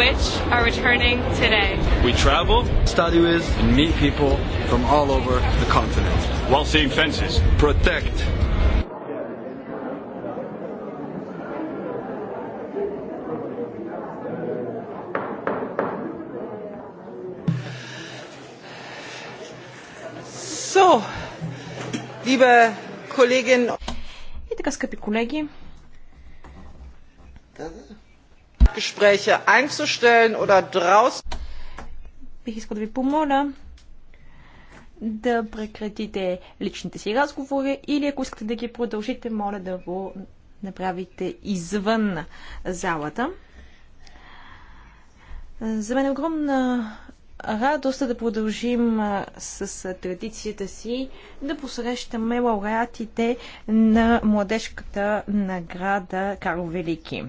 which are returning today. We travel, study with, and meet people from all over the continent. While seeing fences. Protect. So, liebe Kolleginnen. И така, скъпи колеги, Gespräche einzustellen oder draußen. Бих искал да ви помоля да прекратите личните си разговори или ако искате да ги продължите, моля да го направите извън залата. За мен е огромна радост да продължим с традицията си да посрещаме лауреатите на младежката награда Каро Велики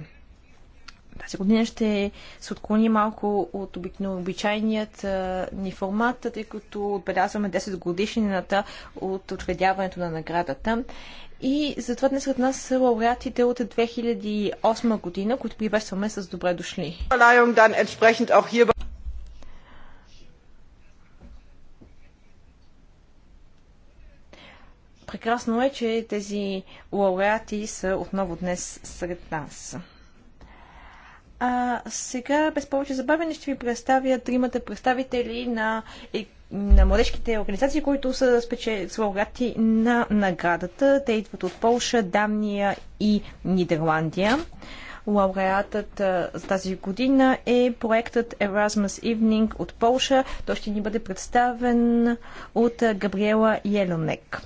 тази година ще се отклони малко от обичайният ни формат, тъй като отбелязваме 10 годишнината от отведяването на наградата. И затова днес сред нас са лауреатите от 2008 година, които приветстваме с добре дошли. Прекрасно е, че тези лауреати са отново днес сред нас. А сега, без повече забавяне, ще ви представя тримата представители на, на младежките организации, които са лауреати на наградата. Те идват от Полша, Дания и Нидерландия. Лауреатът за тази година е проектът Erasmus Evening от Полша. Той ще ни бъде представен от Габриела Елонек.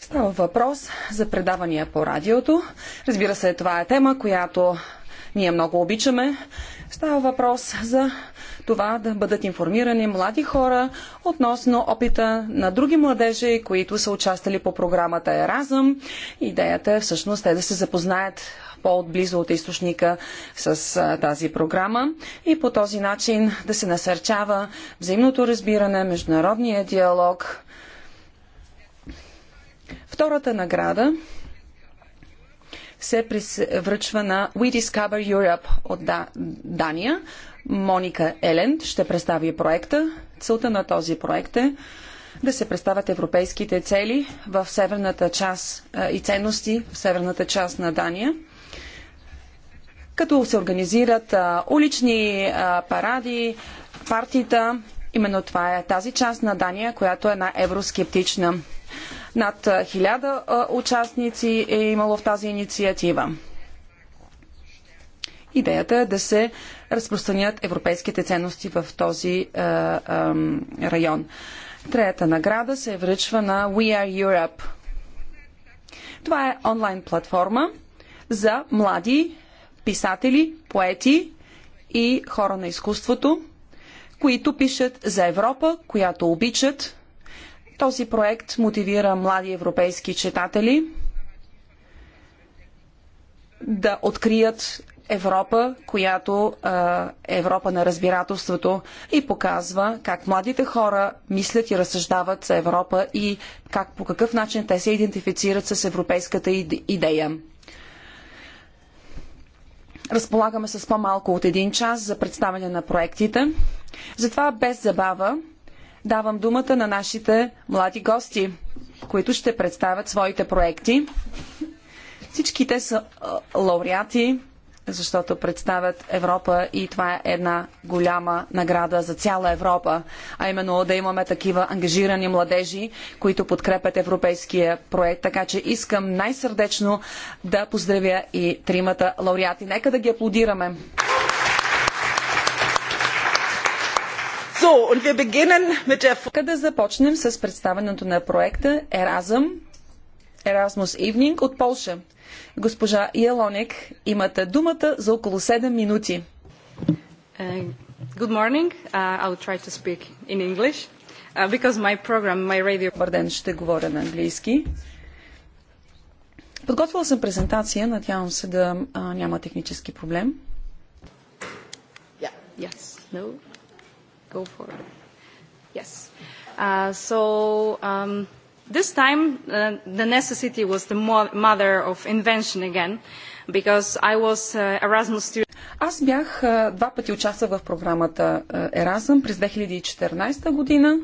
Става въпрос за предавания по радиото. Разбира се, това е тема, която ние много обичаме. Става въпрос за това да бъдат информирани млади хора относно опита на други младежи, които са участвали по програмата Еразъм. Идеята е всъщност е да се запознаят по-отблизо от източника с а, тази програма и по този начин да се насърчава взаимното разбиране, международния диалог. Втората награда се връчва на We Discover Europe от Дания. Моника Еленд ще представи проекта. Целта на този проект е да се представят европейските цели в северната част и ценности в северната част на Дания като се организират а, улични а, паради, партията, Именно това е тази част на Дания, която е най-евроскептична. Над 1000 участници е имало в тази инициатива. Идеята е да се разпространят европейските ценности в този е, е, район. Трета награда се връчва на We Are Europe. Това е онлайн платформа за млади писатели, поети и хора на изкуството, които пишат за Европа, която обичат този проект мотивира млади европейски читатели да открият Европа, която е Европа на разбирателството и показва как младите хора мислят и разсъждават за Европа и как по какъв начин те се идентифицират с европейската идея. Разполагаме с по-малко от един час за представяне на проектите. Затова без забава давам думата на нашите млади гости, които ще представят своите проекти. Всички те са лауреати, защото представят Европа и това е една голяма награда за цяла Европа, а именно да имаме такива ангажирани младежи, които подкрепят европейския проект. Така че искам най-сърдечно да поздравя и тримата лауреати. Нека да ги аплодираме. So, Да започнем с представенето на проекта Еразъм, Erasmus Evening от Полша. Госпожа Ялоник, имате думата за около 7 минути. Uh, good morning. Uh, I try to speak in English uh, because my program, my radio... Добър ден, ще говоря на английски. Подготвила съм презентация, надявам се да а, няма технически проблем. Yeah. Yes. No go forward. Yes. Uh, so um, this time uh, the necessity was the mo- mother of invention again, because I was uh, Erasmus student. Аз бях два пъти участвах в програмата Erasmus през 2014 година.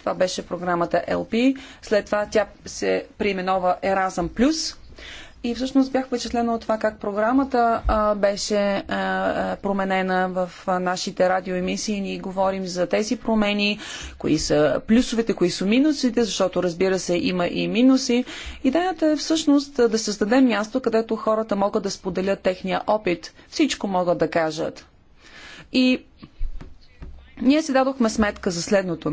Това беше програмата LP. След това тя се приименова Erasmus+. И всъщност бях впечатлена от това как програмата а, беше а, променена в а, нашите радиоемисии. Ние говорим за тези промени, кои са плюсовете, кои са минусите, защото разбира се има и минуси. Идеята е всъщност да създадем място, където хората могат да споделят техния опит. Всичко могат да кажат. И ние си дадохме сметка за следното.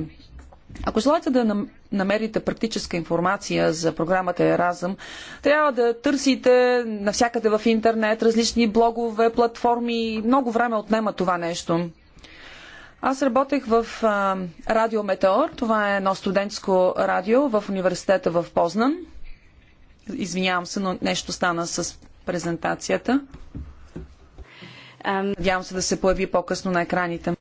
Ако желаете да намерите практическа информация за програмата Еразъм, трябва да търсите навсякъде в интернет различни блогове, платформи. Много време отнема това нещо. Аз работех в а, Радио Метеор. Това е едно студентско радио в университета в Познан. Извинявам се, но нещо стана с презентацията. Надявам се да се появи по-късно на екраните.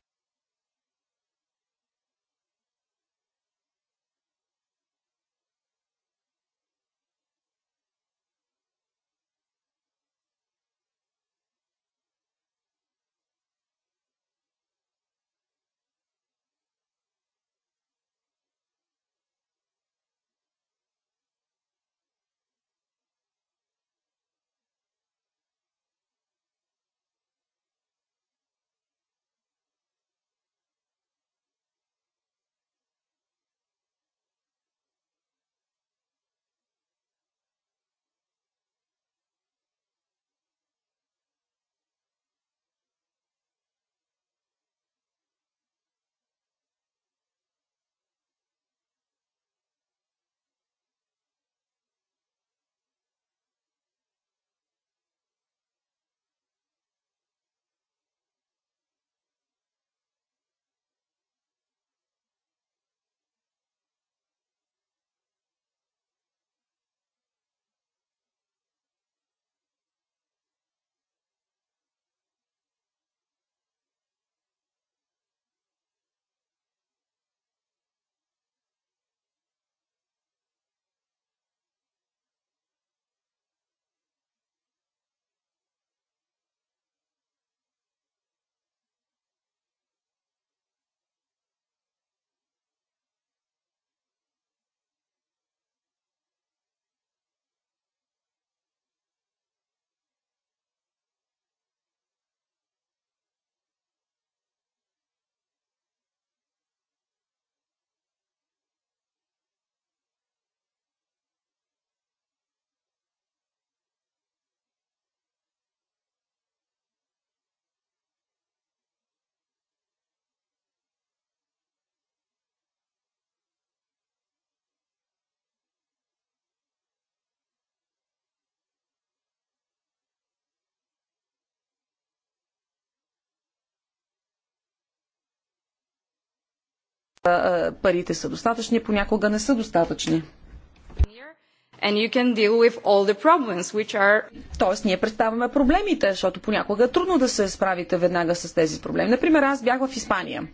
парите са достатъчни, понякога не са достатъчни. Are... Тоест, ние представяме проблемите, защото понякога е трудно да се справите веднага с тези проблеми. Например, аз бях в Испания.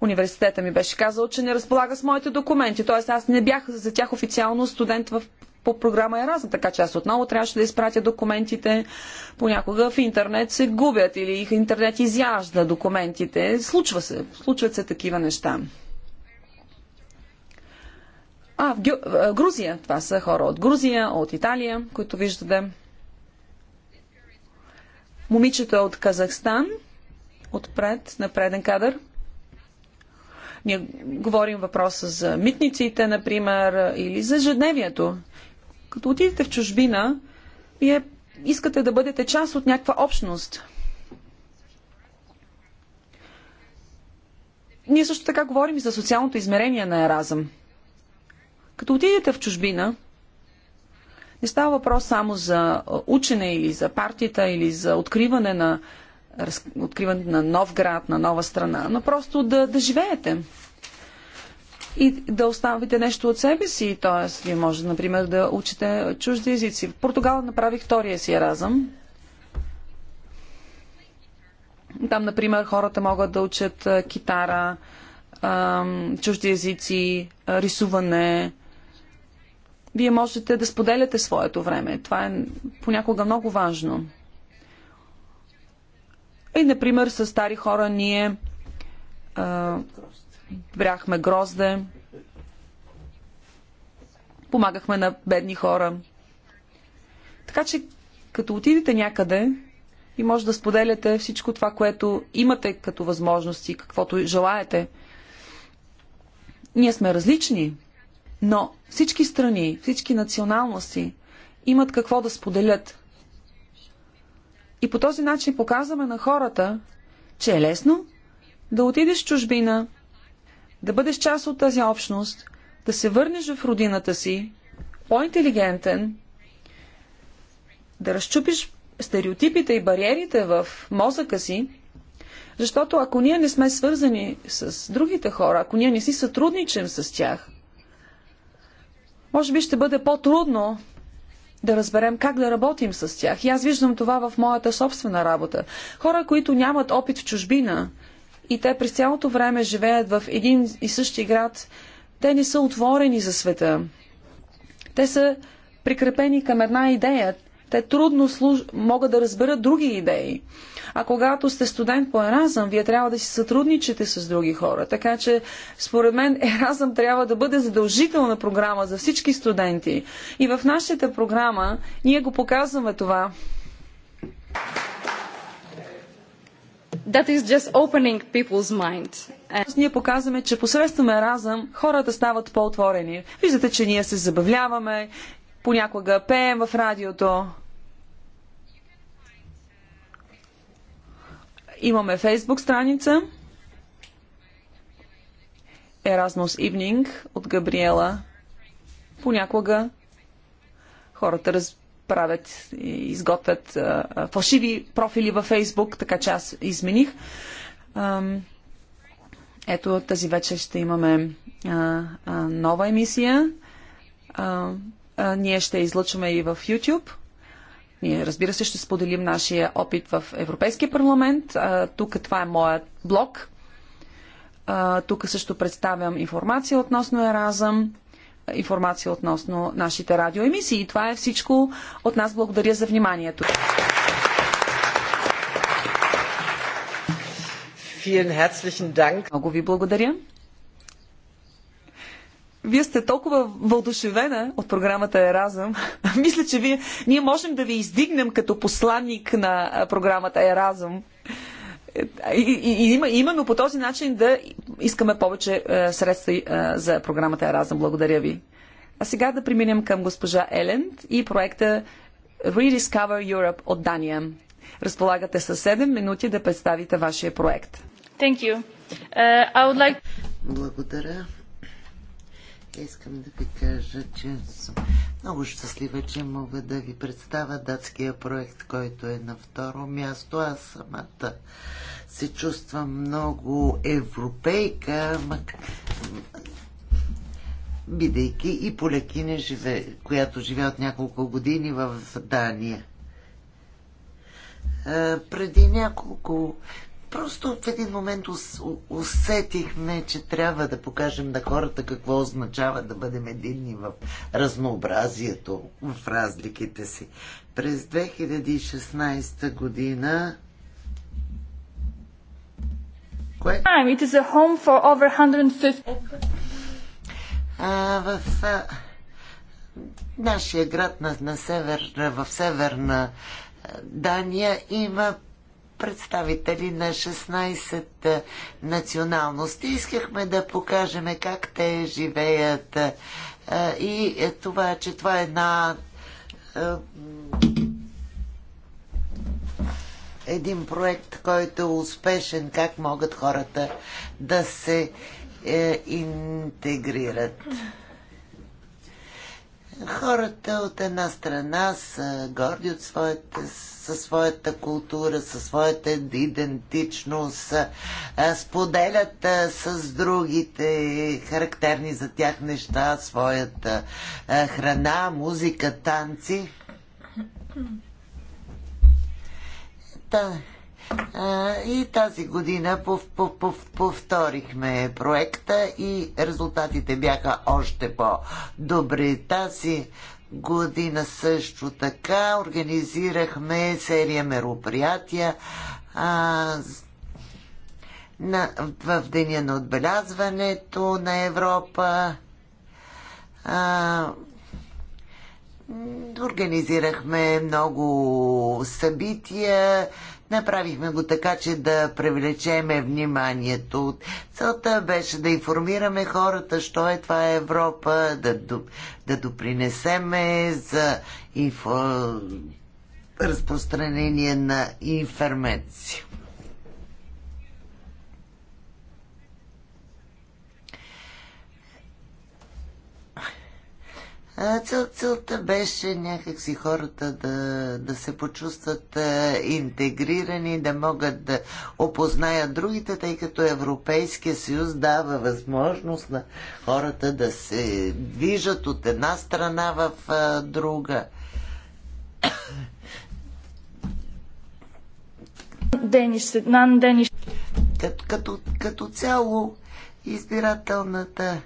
Университета ми беше казал, че не разполага с моите документи, т.е. аз не бях за тях официално студент в по програма разна, така че аз отново трябваше да изпратя документите. Понякога в интернет се губят или в интернет изяжда документите. Случва се, случват се такива неща. А, в, Грузия. Това са хора от Грузия, от Италия, които виждате. Момичето е от Казахстан, отпред, на преден кадър. Ние говорим въпроса за митниците, например, или за ежедневието. Като отидете в чужбина, вие искате да бъдете част от някаква общност. Ние също така говорим и за социалното измерение на Еразъм. Като отидете в чужбина, не става въпрос само за учене или за партията или за откриване на, откриване на нов град, на нова страна, но просто да, да живеете и да оставите нещо от себе си. Т.е. вие може, например, да учите чужди езици. В Португал направи втория си еразъм. Там, например, хората могат да учат китара, чужди езици, рисуване. Вие можете да споделяте своето време. Това е понякога много важно. И, например, с стари хора ние бряхме грозде, помагахме на бедни хора. Така че, като отидете някъде и може да споделяте всичко това, което имате като възможности, каквото желаете. Ние сме различни, но всички страни, всички националности имат какво да споделят. И по този начин показваме на хората, че е лесно да отидеш в чужбина, да бъдеш част от тази общност, да се върнеш в родината си, по-интелигентен, да разчупиш стереотипите и бариерите в мозъка си, защото ако ние не сме свързани с другите хора, ако ние не си сътрудничим с тях, може би ще бъде по-трудно да разберем как да работим с тях. И аз виждам това в моята собствена работа. Хора, които нямат опит в чужбина, и те през цялото време живеят в един и същи град, те не са отворени за света. Те са прикрепени към една идея. Те трудно служ... могат да разберат други идеи. А когато сте студент по Еразъм, вие трябва да си сътрудничите с други хора. Така че, според мен, Еразъм трябва да бъде задължителна програма за всички студенти. И в нашата програма ние го показваме това. That is just opening people's mind. Ние показваме, че посредством еразъм хората стават по-отворени. Виждате, че ние се забавляваме, понякога пеем в радиото. Имаме фейсбук страница. Erasmus Evening от Габриела. Понякога хората раз правят и изготвят а, фалшиви профили във Фейсбук, така че аз измених. А, ето тази вечер ще имаме а, а, нова емисия. А, а, ние ще излъчваме и в YouTube. Ние, разбира се, ще споделим нашия опит в Европейския парламент. А, тук това е моят блог. А, тук също представям информация относно Еразъм информация относно нашите радиоемисии. И това е всичко от нас. Благодаря за вниманието. Много ви благодаря. Вие сте толкова вълдушевена от програмата Еразъм. Мисля, че вие, ние можем да ви издигнем като посланник на програмата Еразъм и, и, и именно по този начин да искаме повече е, средства е, за програмата Еразъм. Благодаря ви. А сега да преминем към госпожа Еленд и проекта Rediscover Europe от Дания. Разполагате с 7 минути да представите вашия проект. Thank you. Uh, I would like... Благодаря. Нека искам да ви кажа, че съм много щастлива, че мога да ви представя датския проект, който е на второ място. Аз самата се чувствам много европейка, мак... бидейки и полякиня, живе... която живе от няколко години в Дания. Преди няколко Просто в един момент усетихме, че трябва да покажем на хората какво означава да бъдем единни в разнообразието, в разликите си. През 2016 година кое? It is a home for over 150. А, в а, нашия град на, на север, в северна Дания има представители на 16 е, националности. Искахме да покажем как те живеят е, и е, това, че това е една един проект, който е успешен, как могат хората да се е, интегрират. Хората от една страна са горди от своята, със своята култура, със своята идентичност, споделят с другите характерни за тях неща, своята храна, музика, танци. Та, и тази година повторихме проекта и резултатите бяха още по-добри. Тази година също така организирахме серия мероприятия а, на, в деня на отбелязването на Европа. А, организирахме много събития, Направихме го така, че да привлечеме вниманието. Целта беше да информираме хората, що е това Европа, да, да допринесеме за инфо... разпространение на информация. Цел, целта беше някакси хората да, да се почувстват интегрирани, да могат да опознаят другите, тъй като Европейския съюз дава възможност на хората да се движат от една страна в друга. Дениш, нан Дениш. Като, като, като цяло избирателната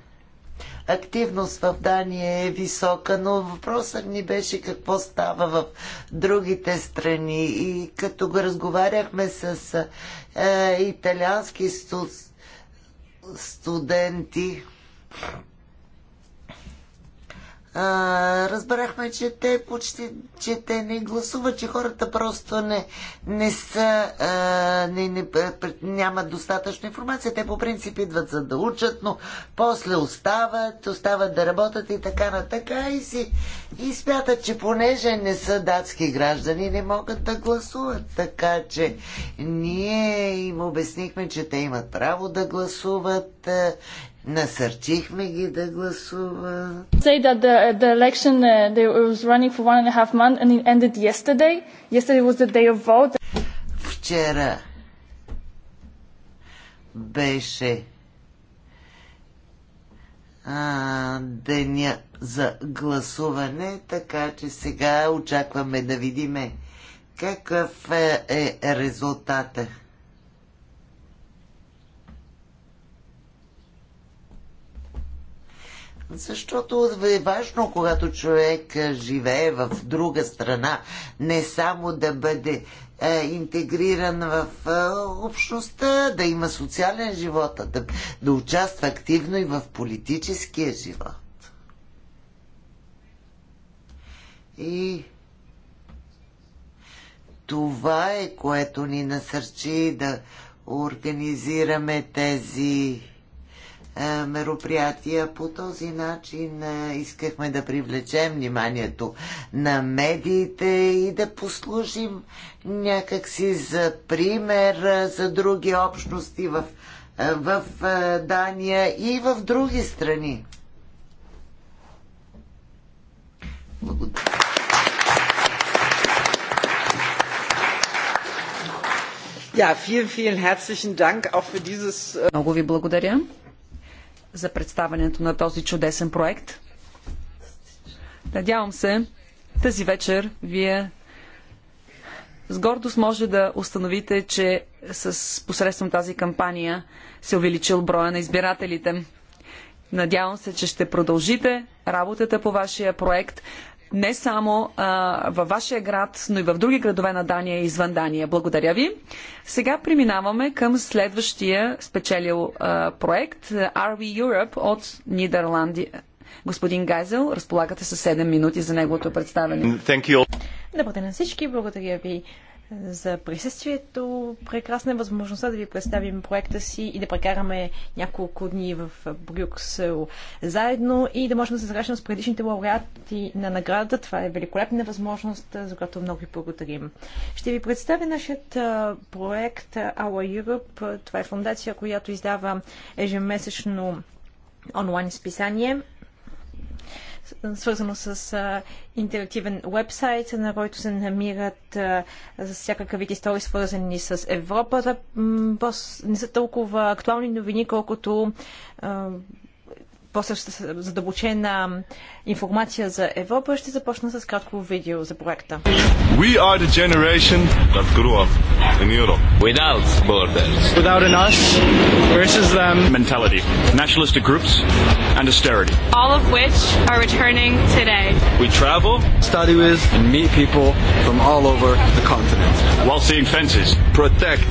активност в Дания е висока, но въпросът ни беше какво става в другите страни. И като го разговаряхме с е, италиански студ, студенти, разбрахме, че те почти, че те не гласуват, че хората просто не, не са, не, не, нямат достатъчно информация. Те по принцип идват за да учат, но после остават, остават да работят и така на така и си и смятат, че понеже не са датски граждани, не могат да гласуват. Така че ние им обяснихме, че те имат право да гласуват Насърчихме ги да гласуват. Say that the, the election uh, they was running for one and a half month and it ended yesterday. Yesterday was the day of vote. Вчера беше а, деня за гласуване, така че сега очакваме да видиме какъв е резултатът. Защото е важно, когато човек е, живее в друга страна, не само да бъде е, интегриран в е, общността, да има социален живот, да, да участва активно и в политическия живот. И това е, което ни насърчи да организираме тези е, мероприятия. По този начин е, искахме да привлечем вниманието на медиите и да послужим някакси за пример е, за други общности в, в Дания и в други страни. Благодаря. Ja, vielen, vielen Dank auch für dieses... Много ви благодаря за представането на този чудесен проект. Надявам се, тази вечер вие с гордост може да установите, че с посредством тази кампания се увеличил броя на избирателите. Надявам се, че ще продължите работата по вашия проект не само а, във вашия град, но и в други градове на Дания и извън Дания. Благодаря ви. Сега преминаваме към следващия спечелил а, проект RV Europe от Нидерландия. Господин Гайзел, разполагате с 7 минути за неговото представяне. Добър ден на всички, благодаря ви за присъствието. Прекрасна е възможността да ви представим проекта си и да прекараме няколко дни в Брюксел заедно и да можем да се срещнем с предишните лауреати на наградата. Това е великолепна възможност, за която много ви благодарим. Ще ви представя нашият проект Our Europe. Това е фундация, която издава ежемесечно онлайн изписание свързано с интерактивен вебсайт, на който се намират всякакъв вид истории, свързани с Европа. Не са толкова актуални новини, колкото по-задълбочена информация за Европа, ще започна с кратко видео за проекта. We are the generation that grew up in Europe without borders. Without an us versus them mentality, nationalistic groups and austerity. All of which are returning today. We travel, study with and meet people from all over the continent. While seeing fences, protect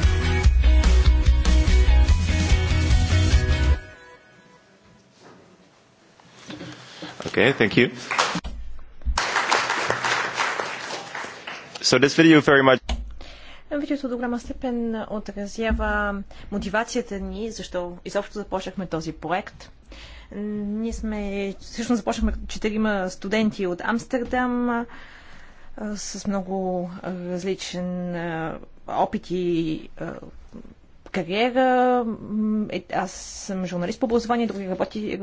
Okay, thank you. So this video very much Видеото до голяма степен отразява мотивацията ни, защо изобщо започнахме този проект. Ние сме, всъщност започнахме четирима студенти от Амстердам с много различен опит и кариера. Е, аз съм журналист по образование, други работи,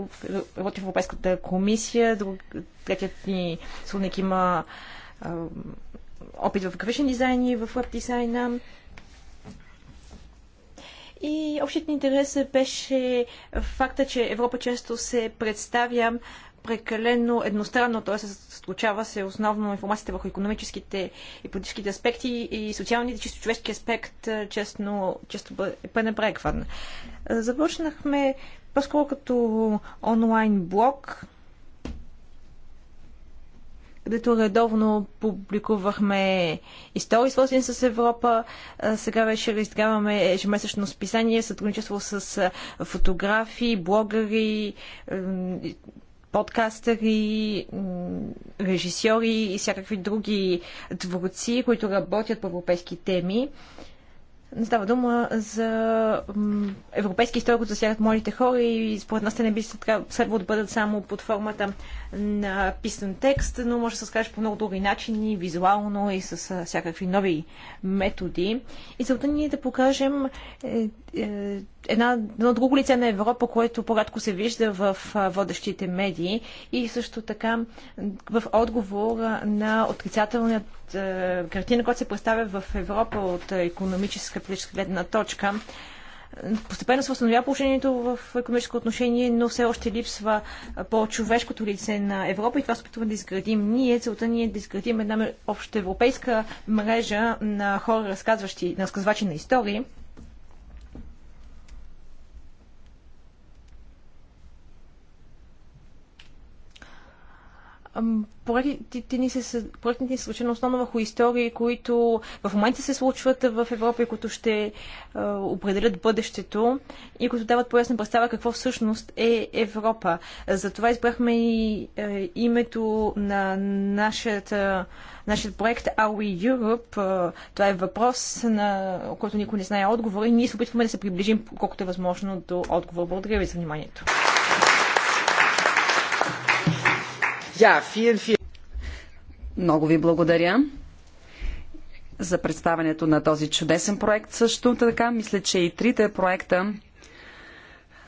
работи в Европейската комисия, друг, третият ни сътрудник има опит в графичен дизайн и в веб дизайна. И общият интерес беше факта, че Европа често се представя прекалено едностранно, т.е. случава се основно информацията върху економическите и политическите аспекти и социалните, чисто човешки аспект е, честно, често е пренебрегван. Започнахме по-скоро като онлайн блог, където редовно публикувахме истории, свързани с Европа. Сега вече разграваме ежемесечно списание, сътрудничество с фотографи, блогъри, подкастери, режисьори и всякакви други творци, които работят по европейски теми. Не става дума за европейски истории, които засягат младите хора и според нас те не би следвало да бъдат само под формата на писан текст, но може да се скаже по много други начини, визуално и с всякакви нови методи. И целта ни е да покажем е, е, една, едно друго лице на Европа, което по-рядко се вижда в водещите медии и също така в отговор на отрицателният е, картина, която се представя в Европа от економическа политическа гледна точка, постепенно се възстановява положението в економическо отношение, но все още липсва по-човешкото лице на Европа и това се опитваме да изградим ние. Целта ни е да изградим една обща европейска мрежа на хора, разказващи, разказвачи на истории. проектите ни се, проектите ни се основно върху истории, които в момента се случват в Европа и които ще а, определят бъдещето и които дават по-ясна представа какво всъщност е Европа. Затова избрахме и а, е, името на нашата, нашия проект Are We Europe? Е, това е въпрос, на който никой не знае отговора и ние се опитваме да се приближим колкото е възможно до отговор. Благодаря ви за вниманието. Ja, vielen, vielen... Много ви благодаря за представането на този чудесен проект също така. Мисля, че и трите проекта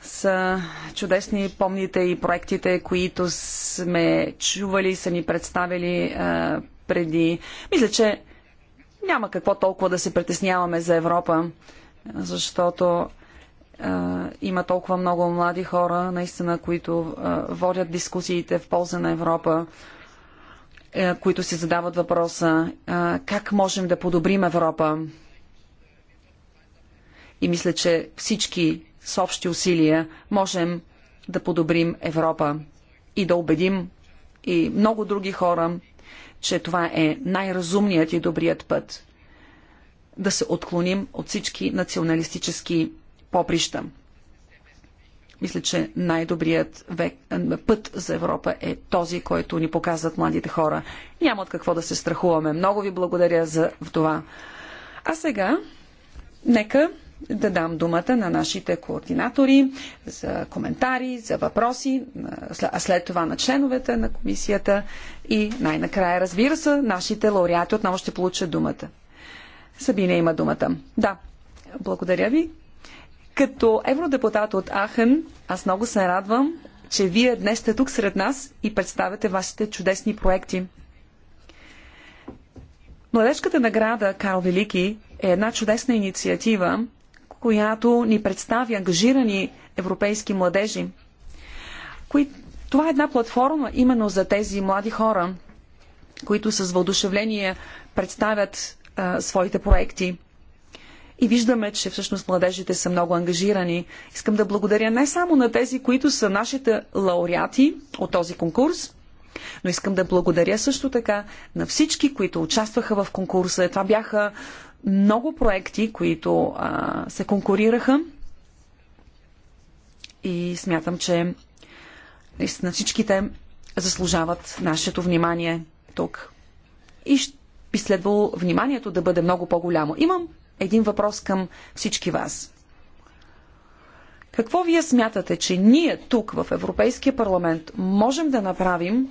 са чудесни. Помните и проектите, които сме чували, са ни представили а, преди. Мисля, че няма какво толкова да се притесняваме за Европа, защото има толкова много млади хора, наистина, които водят дискусиите в полза на Европа, е, които си задават въпроса как можем да подобрим Европа. И мисля, че всички с общи усилия можем да подобрим Европа и да убедим и много други хора, че това е най-разумният и добрият път да се отклоним от всички националистически поприща. Мисля, че най-добрият път за Европа е този, който ни показват младите хора. Няма от какво да се страхуваме. Много ви благодаря за това. А сега, нека да дам думата на нашите координатори за коментари, за въпроси, а след това на членовете на комисията и най-накрая, разбира се, нашите лауреати отново ще получат думата. Сабина има думата. Да, благодаря ви. Като евродепутат от Ахен, аз много се радвам, че вие днес сте тук сред нас и представяте вашите чудесни проекти. Младежката награда Карл Велики е една чудесна инициатива, която ни представи ангажирани европейски младежи. Кои... Това е една платформа именно за тези млади хора, които с въодушевление представят а, своите проекти. И виждаме, че всъщност младежите са много ангажирани. Искам да благодаря не само на тези, които са нашите лауреати от този конкурс, но искам да благодаря също така на всички, които участваха в конкурса. Това бяха много проекти, които а, се конкурираха. И смятам, че на всичките заслужават нашето внимание тук. И би следвало вниманието да бъде много по-голямо. Имам един въпрос към всички вас. Какво вие смятате, че ние тук в Европейския парламент можем да направим,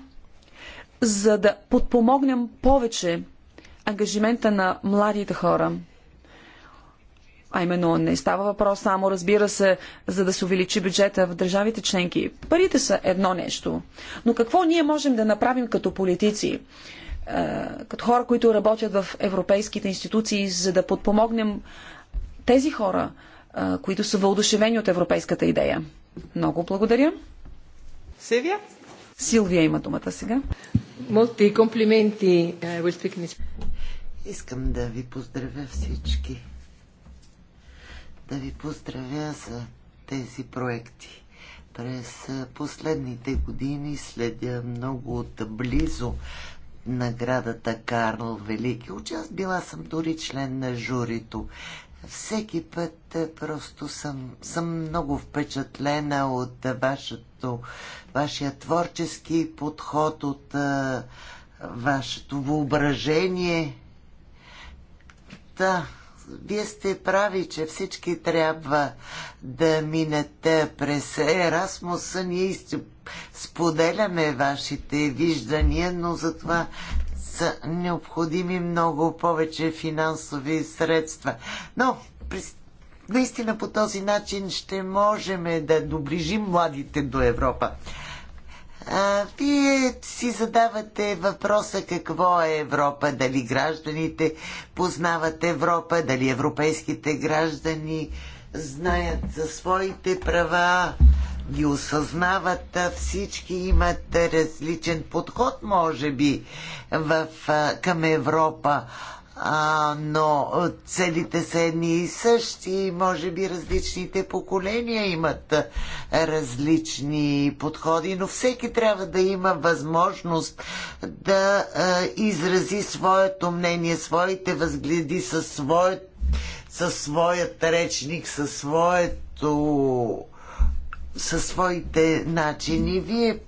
за да подпомогнем повече ангажимента на младите хора? А именно не става въпрос само, разбира се, за да се увеличи бюджета в държавите членки. Парите са едно нещо. Но какво ние можем да направим като политици? Е, като хора, които работят в европейските институции, за да подпомогнем тези хора, е, които са въодушевени от европейската идея. Много благодаря. Силвия? Силвия има думата сега. Молти комплименти. Е, Искам да ви поздравя всички. Да ви поздравя за тези проекти. През последните години следя много отблизо наградата Карл Велики. Участ била съм дори член на журито. Всеки път е, просто съм, съм много впечатлена от вашето, вашия творчески подход, от а, е, вашето въображение. Да, вие сте прави, че всички трябва да минете през Ерасмуса. Ние споделяме вашите виждания, но за това са необходими много повече финансови средства. Но наистина по този начин ще можем да доближим младите до Европа. А, вие си задавате въпроса какво е Европа, дали гражданите познават Европа, дали европейските граждани знаят за своите права, ги осъзнават, всички имат различен подход, може би, в, към Европа а, но целите са едни и същи. Може би различните поколения имат различни подходи, но всеки трябва да има възможност да а, изрази своето мнение, своите възгледи със, свое, със своят речник, със своето със своите начини. Вие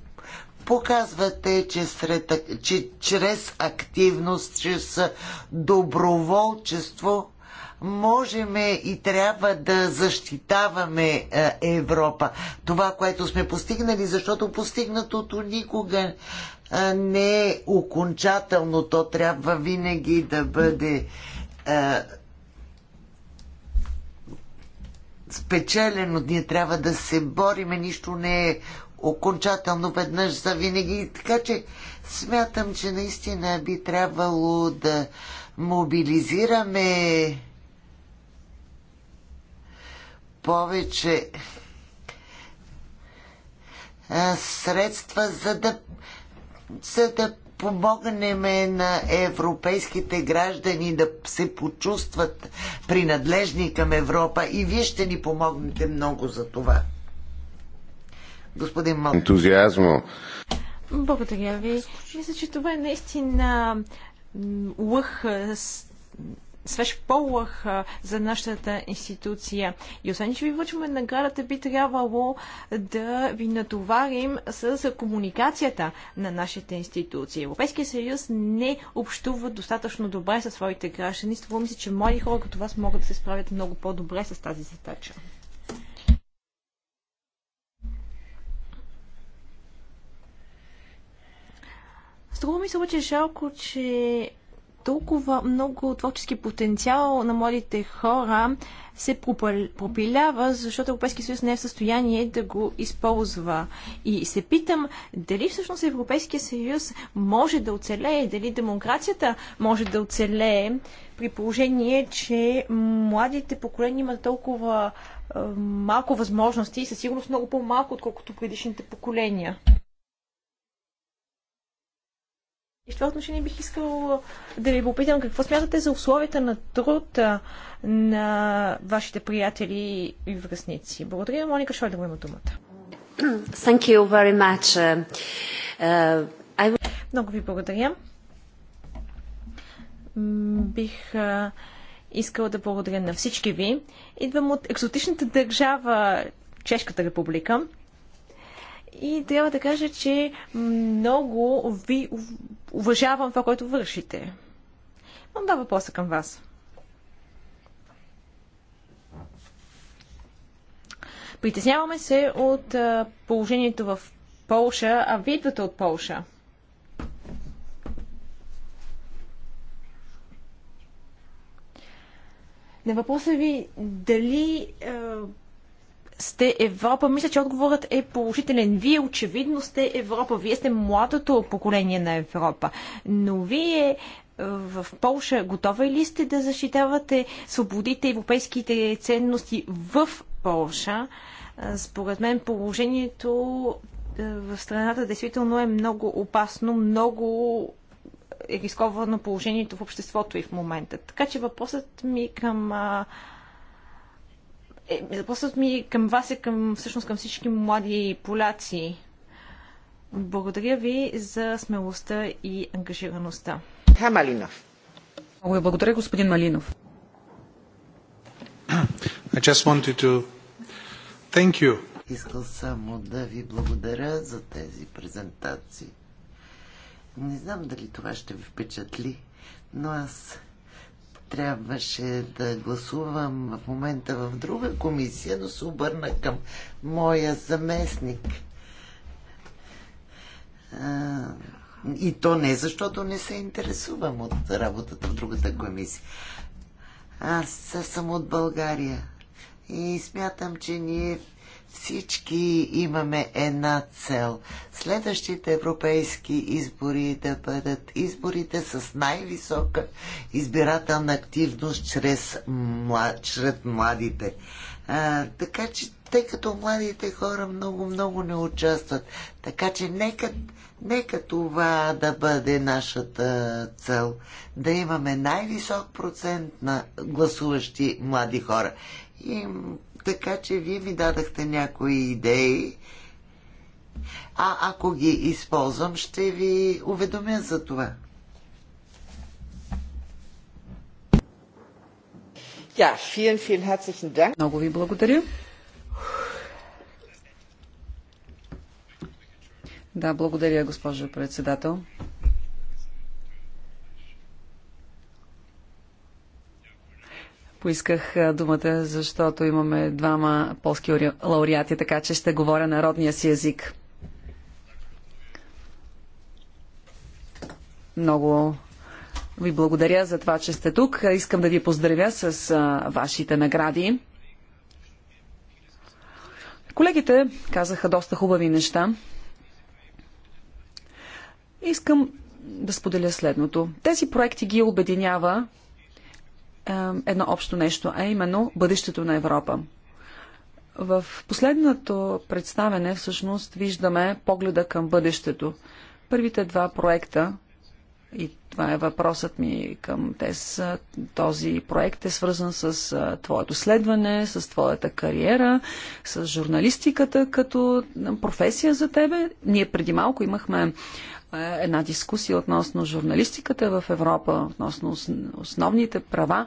показвате, че, сред, че чрез активност, чрез доброволчество можем и трябва да защитаваме е, Европа. Това, което сме постигнали, защото постигнатото никога е, не е окончателно. То трябва винаги да бъде е, спечелено. Ние трябва да се бориме. Нищо не е окончателно веднъж за винаги. Така че смятам, че наистина би трябвало да мобилизираме повече средства, за да, за да помогнем на европейските граждани да се почувстват принадлежни към Европа и вие ще ни помогнете много за това господин Мал. Ентузиазмо. Благодаря ви. Мисля, че това е наистина лъх свеж полъх за нашата институция. И освен, че ви връчваме наградата, би трябвало да ви натоварим с комуникацията на нашите институции. Европейския съюз не общува достатъчно добре със своите граждани. Това мисля, се, че млади хора като вас могат да се справят много по-добре с тази задача. Струва ми се обаче жалко, че толкова много творчески потенциал на младите хора се пропилява, защото Европейския съюз не е в състояние да го използва. И се питам дали всъщност Европейския съюз може да оцелее, дали демокрацията може да оцелее, при положение, че младите поколения имат толкова малко възможности и със сигурност много по-малко, отколкото предишните поколения. И в това отношение бих искал да ви попитам какво смятате за условията на труд на вашите приятели и връзници. Благодаря, Моника Шойдова има думата. Thank you very much. Uh, I... Много ви благодаря. Бих искала да благодаря на всички ви. Идвам от екзотичната държава Чешката република. И трябва да кажа, че много ви уважавам това, което вършите. Мам да въпроса към вас. Притесняваме се от положението в Полша, а вие идвате от Полша. На въпроса ви дали сте Европа, мисля, че отговорът е положителен. Вие очевидно сте Европа. Вие сте младото поколение на Европа. Но вие е, в Полша готова ли сте да защитавате свободите и европейските ценности в Полша? Е, според мен положението е, в страната действително е много опасно, много е рисковано положението в обществото и в момента. Така че въпросът ми към е, Запросът ми към вас е към, всъщност към всички млади поляци. Благодаря ви за смелостта и ангажираността. Ха Малинов. Много ви благодаря, господин Малинов. I just wanted to thank you. Искал само да ви благодаря за тези презентации. Не знам дали това ще ви впечатли, но аз трябваше да гласувам в момента в друга комисия, но се обърна към моя заместник. И то не защото не се интересувам от работата в другата комисия. Аз съм от България и смятам, че ние всички имаме една цел. Следващите европейски избори да бъдат изборите с най-висока избирателна активност чрез мла... чрез младите. А, така че, тъй като младите хора много-много не участват, така че нека, нека това да бъде нашата цел. Да имаме най-висок процент на гласуващи млади хора. И така че вие ми дадахте някои идеи. А ако ги използвам, ще ви уведомя за това. Ja, vielen, vielen herzlichen Dank. Много ви благодаря. Да, благодаря, госпожо председател. Поисках думата, защото имаме двама полски лауреати, така че ще говоря народния си език. Много ви благодаря за това, че сте тук. Искам да ви поздравя с вашите награди. Колегите казаха доста хубави неща. Искам да споделя следното. Тези проекти ги обединява е, едно общо нещо, а именно бъдещето на Европа. В последното представене всъщност виждаме погледа към бъдещето. Първите два проекта, и това е въпросът ми към ТЕС, е, този проект е свързан с е, твоето следване, с твоята кариера, с журналистиката като професия за тебе. Ние преди малко имахме е една дискусия относно журналистиката в Европа, относно основните права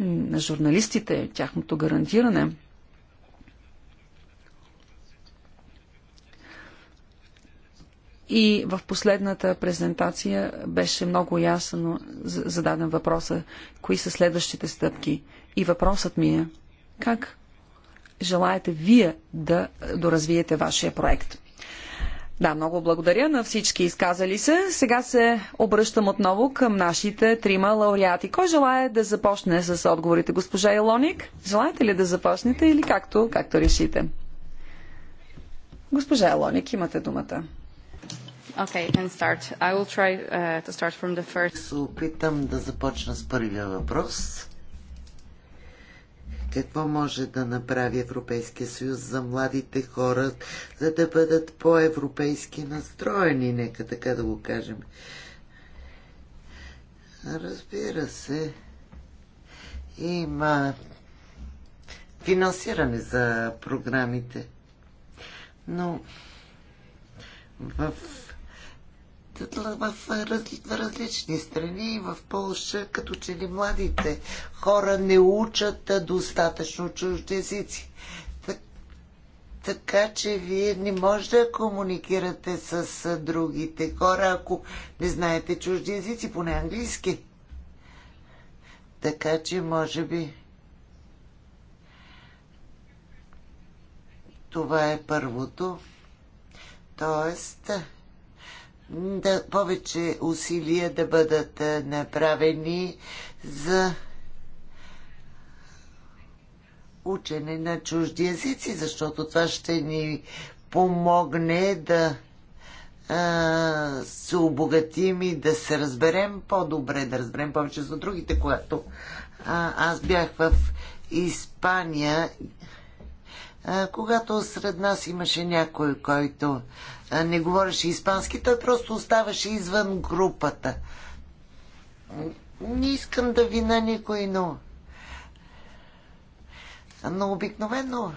на журналистите, тяхното гарантиране. И в последната презентация беше много ясно зададен въпроса, кои са следващите стъпки. И въпросът ми е, как желаете вие да доразвиете вашия проект? Да, много благодаря на всички изказали се. Сега се обръщам отново към нашите трима лауреати. Кой желая да започне с отговорите? Госпожа Елоник, желаете ли да започнете или както, както решите? Госпожа Елоник, имате думата. Okay, and start. I will try uh, to start from the first. Се опитам да започна с първия въпрос какво може да направи Европейския съюз за младите хора, за да бъдат по-европейски настроени, нека така да го кажем. Разбира се, има финансиране за програмите, но в в, различни страни, в Польша, като че ли младите хора не учат достатъчно чужди езици. Так, така че вие не може да комуникирате с другите хора, ако не знаете чужди езици, поне английски. Така че, може би, това е първото. Тоест, да, повече усилия да бъдат направени за учене на чужди езици, защото това ще ни помогне да а, се обогатим и да се разберем по-добре, да разберем повече за другите, когато а, аз бях в Испания, а, когато сред нас имаше някой, който не говореше испански, той просто оставаше извън групата. Не искам да вина никой, но... Но обикновено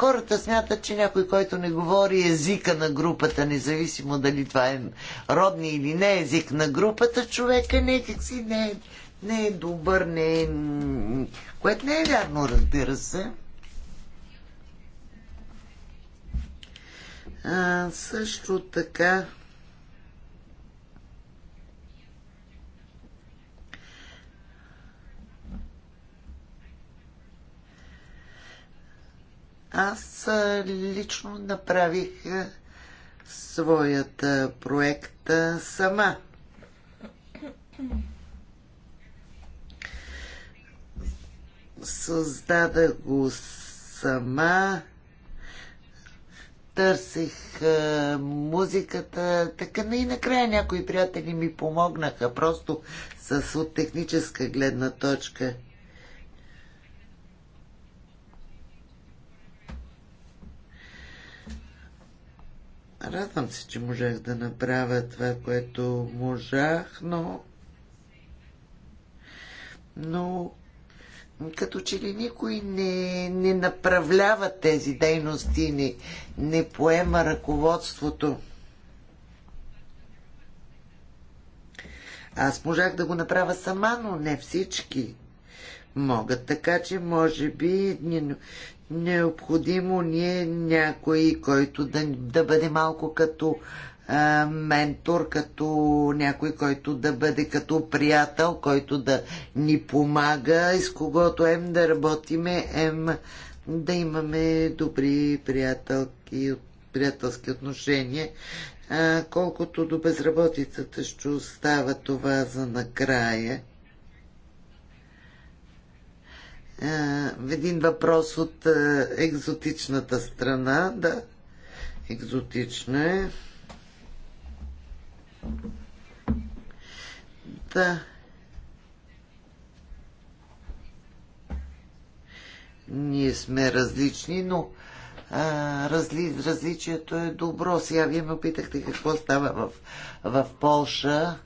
хората смятат, че някой, който не говори езика на групата, независимо дали това е родни или не език на групата, човека някак си не е, не е добър, не е... което не е вярно, разбира се. А, също така Аз лично направих своята проекта сама. Създадах го сама търсих а, е, музиката. Така и накрая някои приятели ми помогнаха просто с от техническа гледна точка. Радвам се, че можах да направя това, което можах, но... Но като че ли никой не, не направлява тези дейности, не, не поема ръководството. Аз можах да го направя сама, но не всички могат. Така че, може би, не, необходимо ни е някой, който да, да бъде малко като ментор, като някой, който да бъде като приятел, който да ни помага и с когото ем да работиме, ем да имаме добри приятелки, приятелски отношения. А, колкото до безработицата ще остава това за накрая. А, един въпрос от а, екзотичната страна, да. Екзотична е. Да. Ние сме различни, но а, разли, различието е добро. Сега вие ме питахте какво става в, в Полша.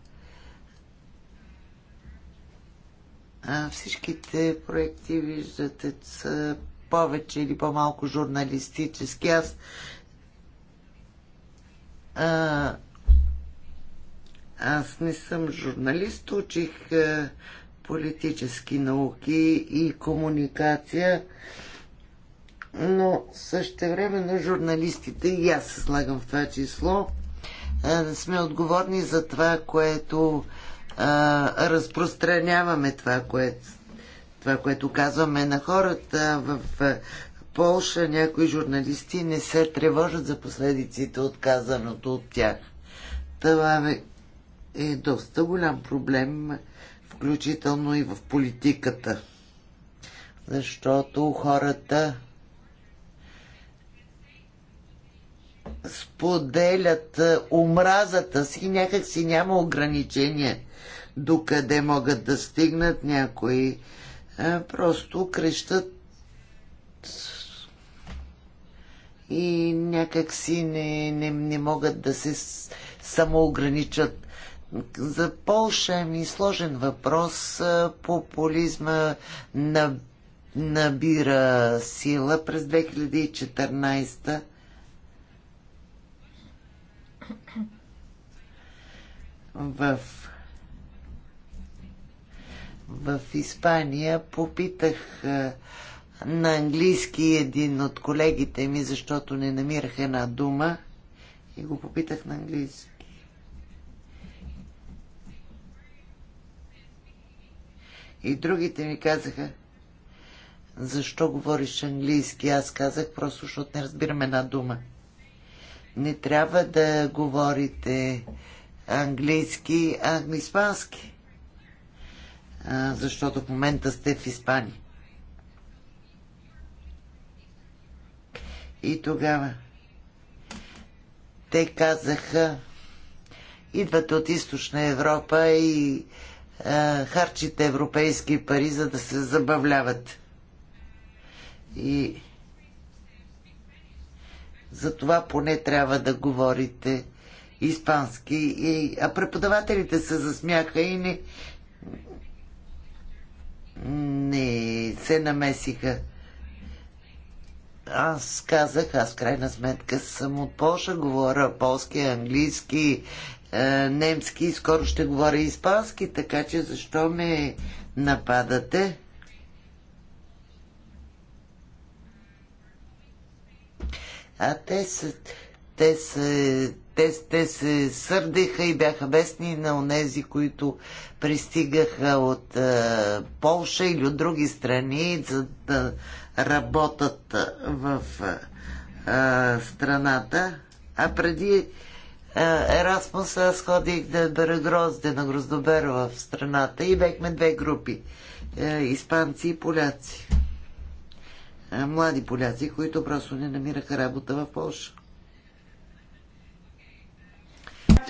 А, всичките проекти, виждате, са повече или по-малко журналистически. Аз а, аз не съм журналист, учих е, политически науки и комуникация, но на журналистите, и аз се слагам в това число, е, сме отговорни за това, което е, разпространяваме, това, което, това, което казваме на хората в Полша. Някои журналисти не се тревожат за последиците от казаното от тях. Това ме е доста голям проблем, включително и в политиката. Защото хората споделят омразата си, някак си няма ограничения докъде могат да стигнат някои. Просто крещат и някак си не, не, не могат да се самоограничат. За Полша ми сложен въпрос. Популизма на набира сила през 2014 в в Испания попитах на английски един от колегите ми, защото не намирах една дума и го попитах на английски. И другите ми казаха, защо говориш английски? Аз казах просто, защото не разбирам една дума. Не трябва да говорите английски, а испански. А, защото в момента сте в Испания. И тогава те казаха, идвате от източна Европа и е, харчите европейски пари, за да се забавляват. И за това поне трябва да говорите испански. И, а преподавателите се засмяха и не, не се намесиха. Аз казах, аз крайна сметка съм от Польша, говоря полски, английски, е, немски и скоро ще говоря испански, така че защо ме нападате? А те са, те са, те, те се сърдиха и бяха бесни на онези, които пристигаха от е, Полша или от други страни, за да работят в е, страната. А преди е, Ерасмус, аз ходих да бера грозде на гроздобер в страната и бехме две групи. Е, испанци и поляци. Е, млади поляци, които просто не намираха работа в Польша.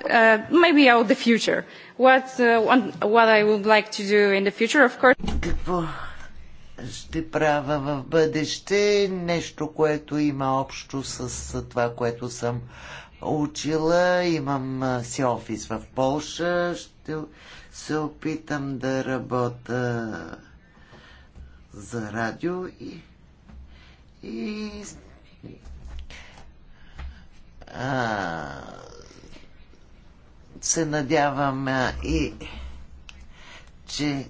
Uh, maybe out the future. What, uh, what I would like to do in the future, of course. Какво ще правя в бъдеще? Нещо, което има общо с това, което съм учила, имам си офис в Полша, ще се опитам да работя за радио и, и а, се надявам а, и че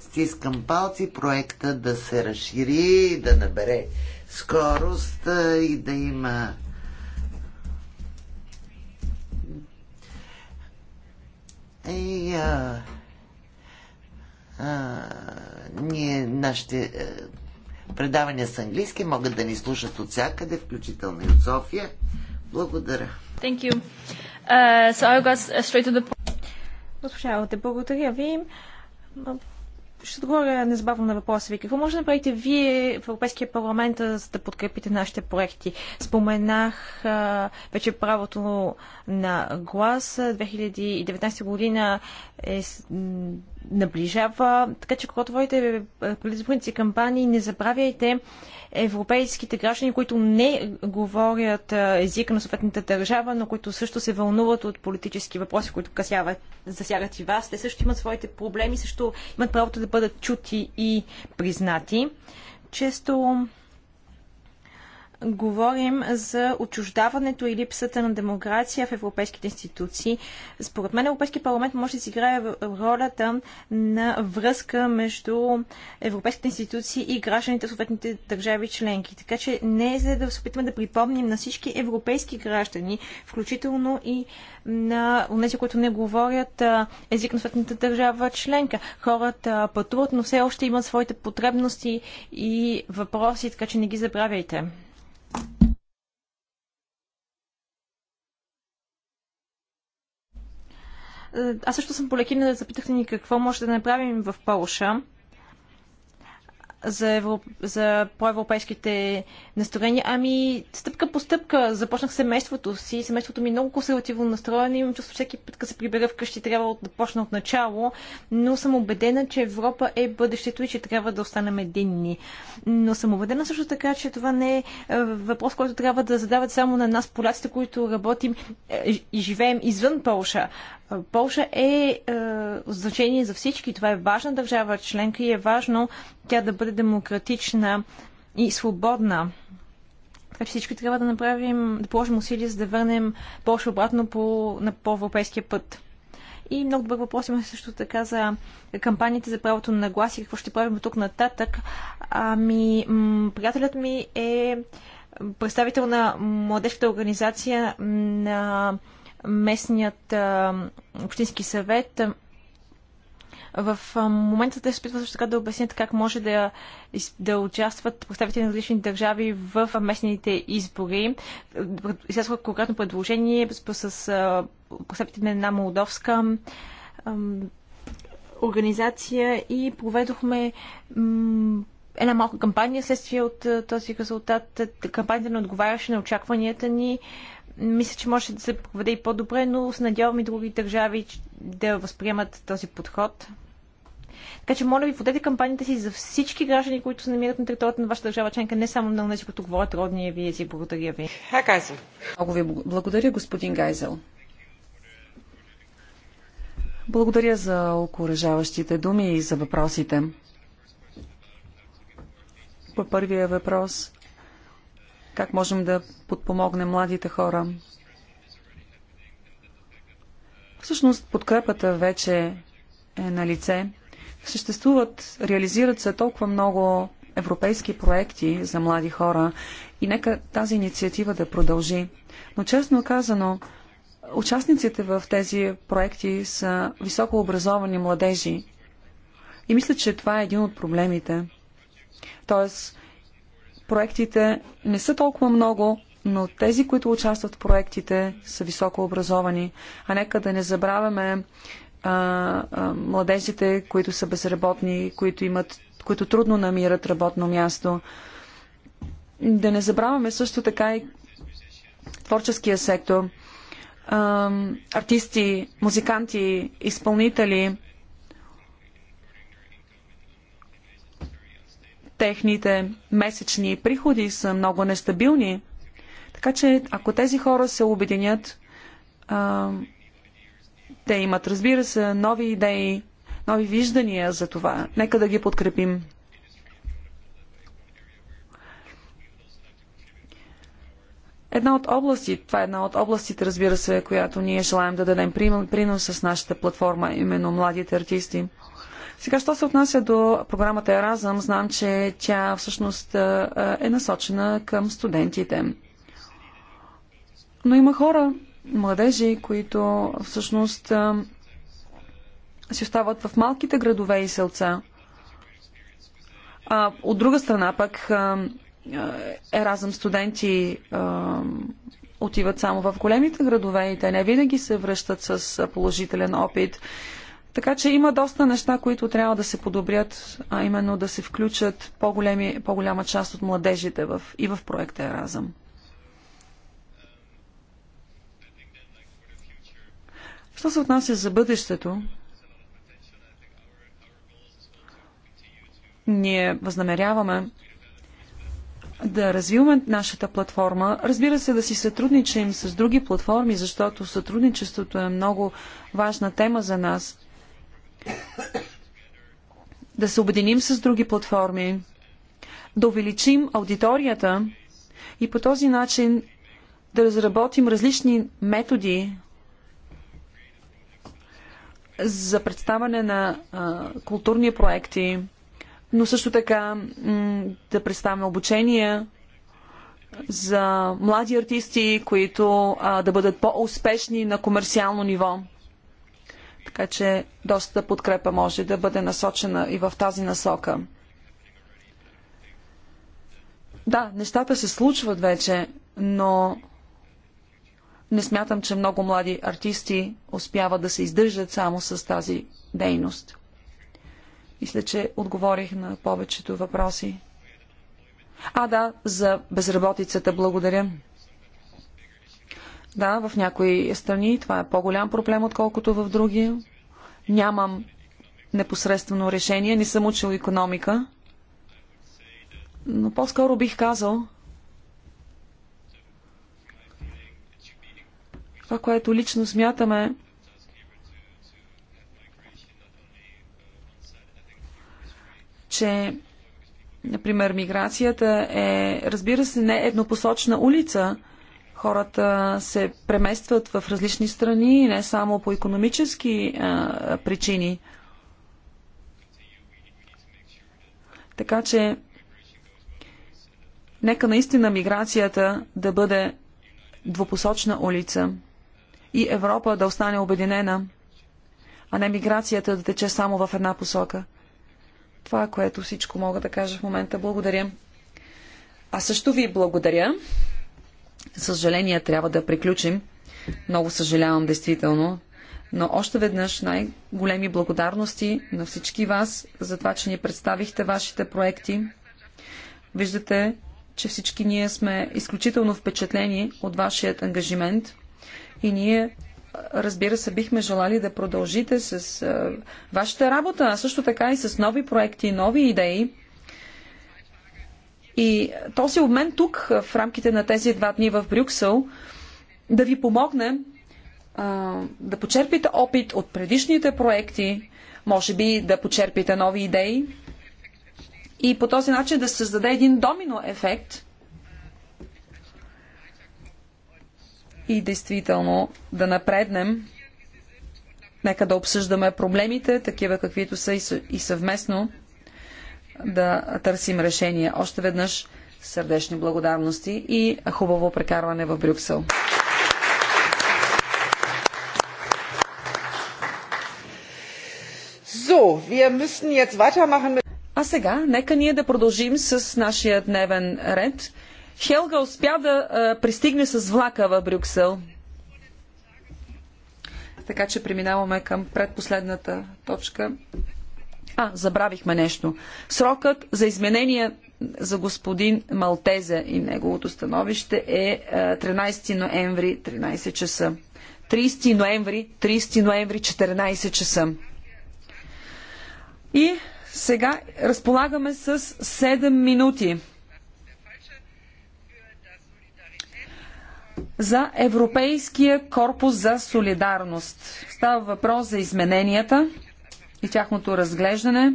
стискам палци проекта да се разшири, да набере скорост а, и да има а, ние, нашите а, е, предавания с английски могат да ни слушат от всякъде, включително и от София. Благодаря. Thank you. Uh, so I'll go straight to the point. Госпожа Алте, благодаря ви ще отговоря незабавно на въпроса ви. Какво може да направите вие в Европейския парламент, за да подкрепите нашите проекти? Споменах а, вече правото на глас. 2019 година е наближава. Така че, когато водите е, предизборните кампании, не забравяйте европейските граждани, които не говорят е, езика на съответната държава, но които също се вълнуват от политически въпроси, които касяват, засягат и вас. Те също имат своите проблеми, също имат правото да бъдат чути и признати. Често говорим за отчуждаването и липсата на демокрация в европейските институции. Според мен Европейския парламент може да си играе ролята на връзка между европейските институции и гражданите в съответните държави членки. Така че не е за да се опитаме да припомним на всички европейски граждани, включително и на тези, които не говорят език на съответната държава членка. Хората пътуват, но все още имат своите потребности и въпроси, така че не ги забравяйте. Аз също съм полекина да запитахте ни какво може да направим в Полша за, евро... за по-европейските настроения. Ами, стъпка по стъпка започнах семейството си. Семейството ми е много консервативно настроено. Имам чувство, всеки път, като се прибера вкъщи, трябва да почна от начало. Но съм убедена, че Европа е бъдещето и че трябва да останем единни. Но съм убедена също така, че това не е, е въпрос, който трябва да задават само на нас, поляците, които работим е, и живеем извън Полша. Полша е, е значение за всички. Това е важна държава членка и е важно тя да бъде демократична и свободна. Така че всички трябва да направим, да положим усилия, за да върнем Польша обратно по, на по-европейския път. И много добър въпрос има също така за кампаниите за правото на глас и какво ще правим тук нататък. Ами, приятелят ми е представител на младежката организация на местният а, общински съвет. В момента те се опитват също така да обяснят как може да, да участват представители на различни държави в местните избори. Изследва конкретно предложение с, с представители на една молдовска организация и проведохме една малка кампания следствие от този резултат. Кампанията не отговаряше на очакванията ни мисля, че може да се проведе и по-добре, но с надявам и други държави да възприемат този подход. Така че, моля ви, водете кампанията си за всички граждани, които се намират на територията на вашата държава членка, не само на тези, които говорят родния ви език. Благодаря ви. Много ви благодаря, господин Гайзел. Благодаря за окоръжаващите думи и за въпросите. По първия въпрос как можем да подпомогнем младите хора. Всъщност подкрепата вече е на лице. Съществуват, реализират се толкова много европейски проекти за млади хора и нека тази инициатива да продължи. Но честно казано, участниците в тези проекти са високообразовани младежи. И мисля, че това е един от проблемите. Тоест, проектите не са толкова много, но тези, които участват в проектите, са високо образовани. А нека да не забравяме а, а, младежите, които са безработни, които, имат, които трудно намират работно място. Да не забравяме също така и творческия сектор. А, артисти, музиканти, изпълнители – Техните месечни приходи са много нестабилни. Така че, ако тези хора се обединят, а, те имат, разбира се, нови идеи, нови виждания за това. Нека да ги подкрепим. Една от области, това е една от областите, разбира се, която ние желаем да дадем принос с нашата платформа, именно младите артисти – сега, що се отнася до програмата Еразъм, знам, че тя всъщност е насочена към студентите. Но има хора, младежи, които всъщност си остават в малките градове и селца. А, от друга страна пък Еразъм студенти отиват само в големите градове и те не винаги се връщат с положителен опит. Така че има доста неща, които трябва да се подобрят, а именно да се включат по-големи, по-голяма част от младежите в, и в проекта Еразъм. Що се отнася за бъдещето, ние възнамеряваме да развиваме нашата платформа. Разбира се, да си сътрудничим с други платформи, защото сътрудничеството е много важна тема за нас да се обединим с други платформи, да увеличим аудиторията и по този начин да разработим различни методи за представане на а, културни проекти, но също така да представяме обучения за млади артисти, които а, да бъдат по-успешни на комерциално ниво. Така че доста подкрепа може да бъде насочена и в тази насока. Да, нещата се случват вече, но не смятам, че много млади артисти успяват да се издържат само с тази дейност. Мисля, че отговорих на повечето въпроси. А, да, за безработицата благодаря. Да, в някои страни това е по-голям проблем, отколкото в други. Нямам непосредствено решение, не съм учил економика, но по-скоро бих казал, това, което лично смятаме, че, например, миграцията е, разбира се, не еднопосочна улица – хората се преместват в различни страни, не само по економически а, причини. Така че, нека наистина миграцията да бъде двупосочна улица и Европа да остане обединена, а не миграцията да тече само в една посока. Това, е което всичко мога да кажа в момента. Благодаря. Аз също ви благодаря съжаление трябва да приключим. Много съжалявам, действително. Но още веднъж най-големи благодарности на всички вас за това, че ни представихте вашите проекти. Виждате, че всички ние сме изключително впечатлени от вашият ангажимент и ние, разбира се, бихме желали да продължите с вашата работа, а също така и с нови проекти, нови идеи и този обмен тук, в рамките на тези два дни в Брюксел, да ви помогне а, да почерпите опит от предишните проекти, може би да почерпите нови идеи и по този начин да се създаде един домино ефект и действително да напреднем. Нека да обсъждаме проблемите, такива каквито са и съвместно да търсим решение. Още веднъж сърдечни благодарности и хубаво прекарване в Брюксел. А сега, нека ние да продължим с нашия дневен ред. Хелга успя да а, пристигне с влака в Брюксел. Така че преминаваме към предпоследната точка а, забравихме нещо. Срокът за изменение за господин Малтезе и неговото становище е 13 е, ноември 13 часа. 30 ноември, 30 ноември 14 часа. И сега разполагаме с 7 минути за Европейския корпус за солидарност. Става въпрос за измененията и тяхното разглеждане.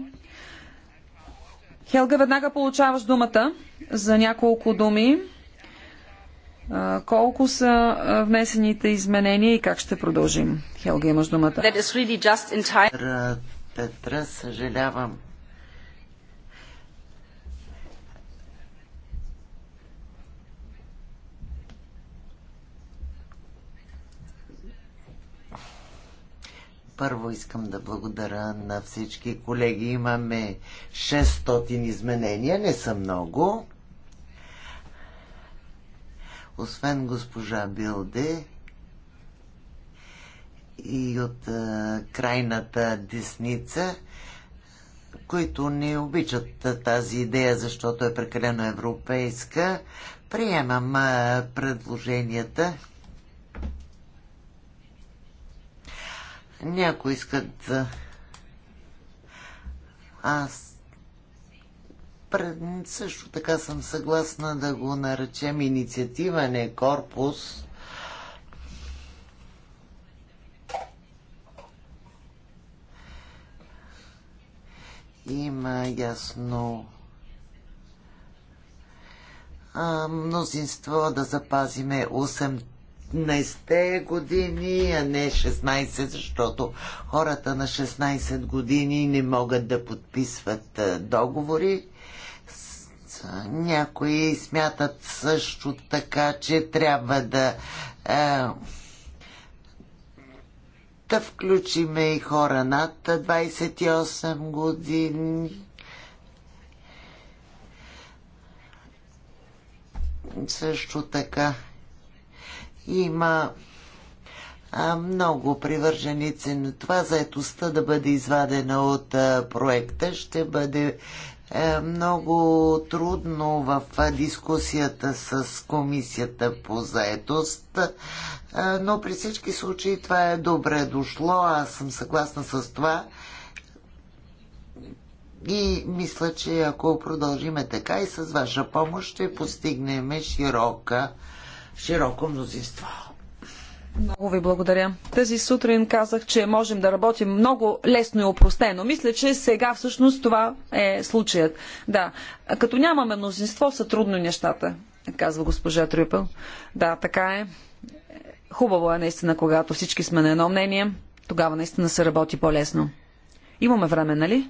Хелга, веднага получаваш думата за няколко думи. Колко са внесените изменения и как ще продължим? Хелга, имаш думата. Петра, съжалявам, Първо искам да благодаря на всички колеги. Имаме 600 изменения, не са много. Освен госпожа Билде и от а, крайната десница, които не обичат а, тази идея, защото е прекалено европейска, приемам а, предложенията Някои искат да... Аз пред... също така съм съгласна да го наречем инициатива, не корпус. Има ясно мнозинство да запазиме 8 15-те години, а не 16, защото хората на 16 години не могат да подписват договори. Някои смятат също така, че трябва да да включиме и хора над 28 години. Също така има много привърженици на това заедостта да бъде извадена от проекта. Ще бъде е, много трудно в дискусията с комисията по заетост, е, но при всички случаи това е добре дошло. Аз съм съгласна с това. И мисля, че ако продължиме така и с ваша помощ ще постигнем широка широко мнозинство. Много ви благодаря. Тази сутрин казах, че можем да работим много лесно и опростено. Мисля, че сега всъщност това е случаят. Да, като нямаме мнозинство, са трудно нещата, казва госпожа Трюпел. Да, така е. Хубаво е наистина, когато всички сме на едно мнение, тогава наистина се работи по-лесно. Имаме време, нали?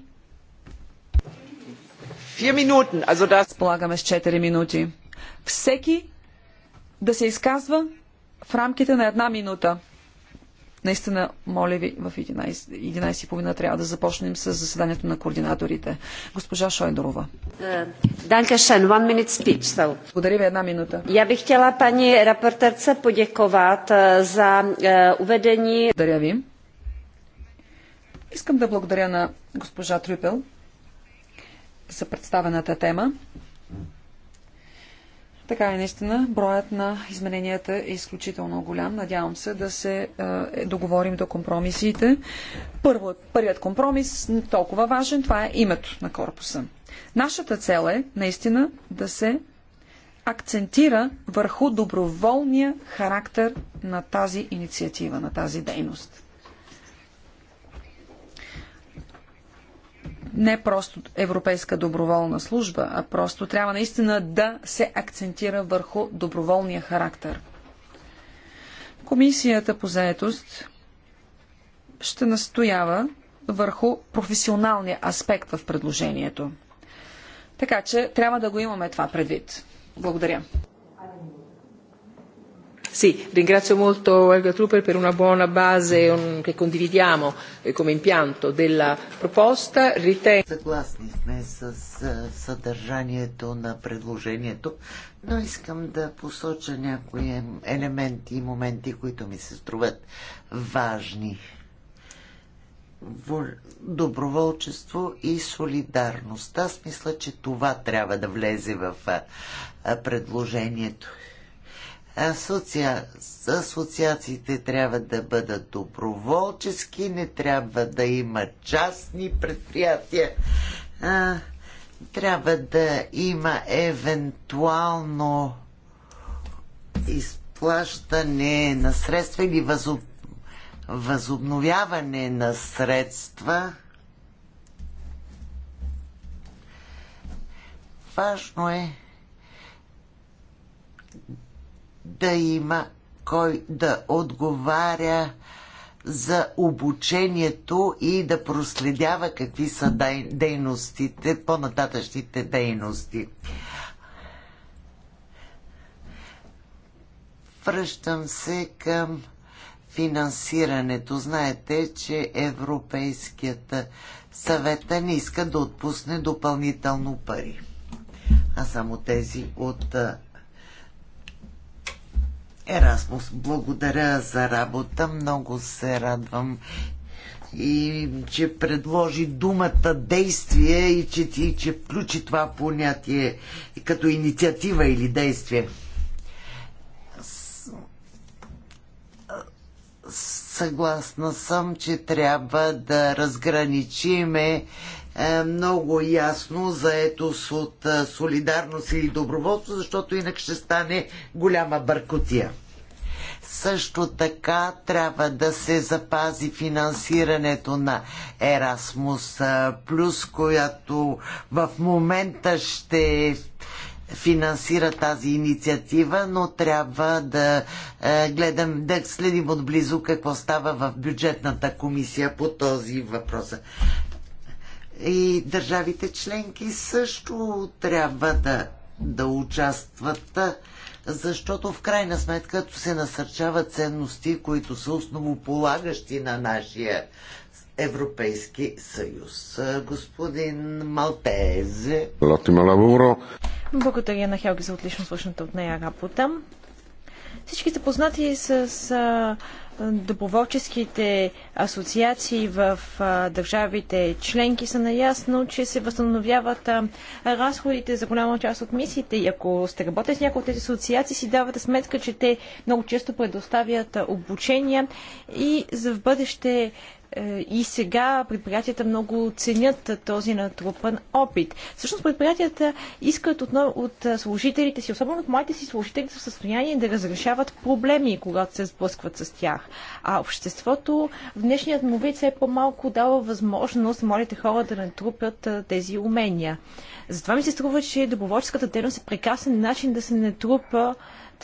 Полагаме с 4 минути. Всеки да се изказва в рамките на една минута. Наистина, моля ви, в 11.30 11 трябва да започнем с заседанието на координаторите. Госпожа Шойдорова. Е, one minute speech, so. Благодаря ви, една минута. Я бих хотела пани рапортерце подяковат е, за е, уведени... Благодаря ви. Искам да благодаря на госпожа Трюпел за представената тема. Така е, наистина, броят на измененията е изключително голям. Надявам се да се е, договорим до компромисите. Първо, първият компромис, толкова важен, това е името на корпуса. Нашата цел е наистина да се акцентира върху доброволния характер на тази инициатива, на тази дейност. не просто Европейска доброволна служба, а просто трябва наистина да се акцентира върху доброволния характер. Комисията по заетост ще настоява върху професионалния аспект в предложението. Така че трябва да го имаме това предвид. Благодаря. Sì, ringrazio molto Helga Trupper per una buona base che condividiamo eh, come impianto della proposta. Riten... Съгласни сме с съдържанието на предложението, но искам да посоча някои елементи и моменти, които ми се струват важни доброволчество и солидарност. Аз мисля, че това трябва да влезе в предложението. Асоция... Асоциациите трябва да бъдат доброволчески, не трябва да има частни предприятия. А, трябва да има евентуално изплащане на средства или възоб... възобновяване на средства. Важно е да има кой да отговаря за обучението и да проследява какви са дейностите, по-нататъчните дейности. Връщам се към финансирането. Знаете, че Европейският съвет не иска да отпусне допълнително пари, а само тези от Ерасмус, благодаря за работа. Много се радвам и че предложи думата действие и че, и че включи това понятие като инициатива или действие. Съгласна съм, че трябва да разграничиме е, много ясно заетост от е, солидарност и доброволство, защото инак ще стане голяма бъркотия. Също така трябва да се запази финансирането на Ерасмус Плюс, която в момента ще финансира тази инициатива, но трябва да е, гледам, да следим отблизо какво става в бюджетната комисия по този въпрос. И държавите членки също трябва да, да участват, защото в крайна сметка като се насърчават ценности, които са основополагащи на нашия Европейски съюз. Господин Малтезе. Благодаря на Хелги за отлично слушната от нея работа. Всички сте познати с доброволческите асоциации в а, държавите членки са наясно, че се възстановяват а, разходите за голяма част от мисиите. И ако сте работили с някои от тези асоциации, си давате сметка, че те много често предоставят а, обучения и за в бъдеще е, и сега предприятията много ценят този натрупан опит. Всъщност предприятията искат от, от служителите си, особено от моите си служители, са в състояние да разрешават проблеми, когато се сблъскват с тях. А обществото в днешният му вид все по-малко дава възможност младите хора да натрупят е, тези умения. Затова ми се струва, че доброволческата дейност е прекрасен начин да се натрупа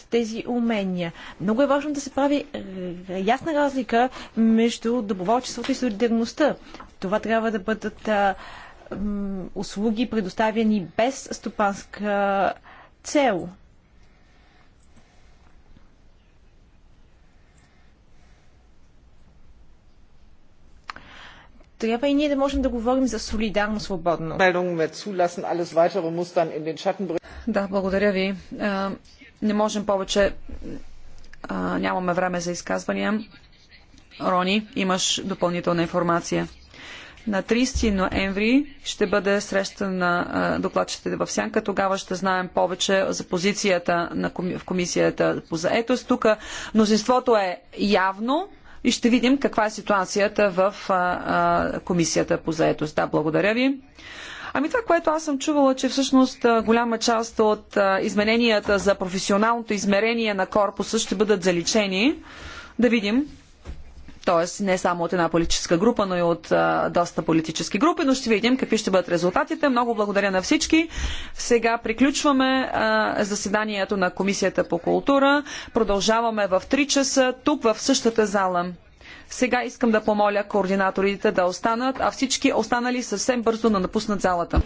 тези умения. Много е важно да се прави ясна разлика между доброволчеството и солидарността. Това трябва да бъдат а, м, услуги, предоставяни без стопанска цел. трябва и ние да можем да говорим за солидарно свободно. Да, благодаря ви. Не можем повече. А, нямаме време за изказвания. Рони, имаш допълнителна информация. На 30 ноември ще бъде среща на докладчите в Сянка. Тогава ще знаем повече за позицията на коми... в комисията по заетост. Тук мнозинството е явно и ще видим каква е ситуацията в а, а, комисията по заетост. Да, благодаря ви. Ами това, което аз съм чувала, че всъщност голяма част от измененията за професионалното измерение на корпуса ще бъдат заличени. Да видим. Тоест не само от една политическа група, но и от а, доста политически групи, но ще видим какви ще бъдат резултатите. Много благодаря на всички. Сега приключваме а, заседанието на Комисията по култура. Продължаваме в 3 часа тук в същата зала. Сега искам да помоля координаторите да останат, а всички останали съвсем бързо да напуснат залата.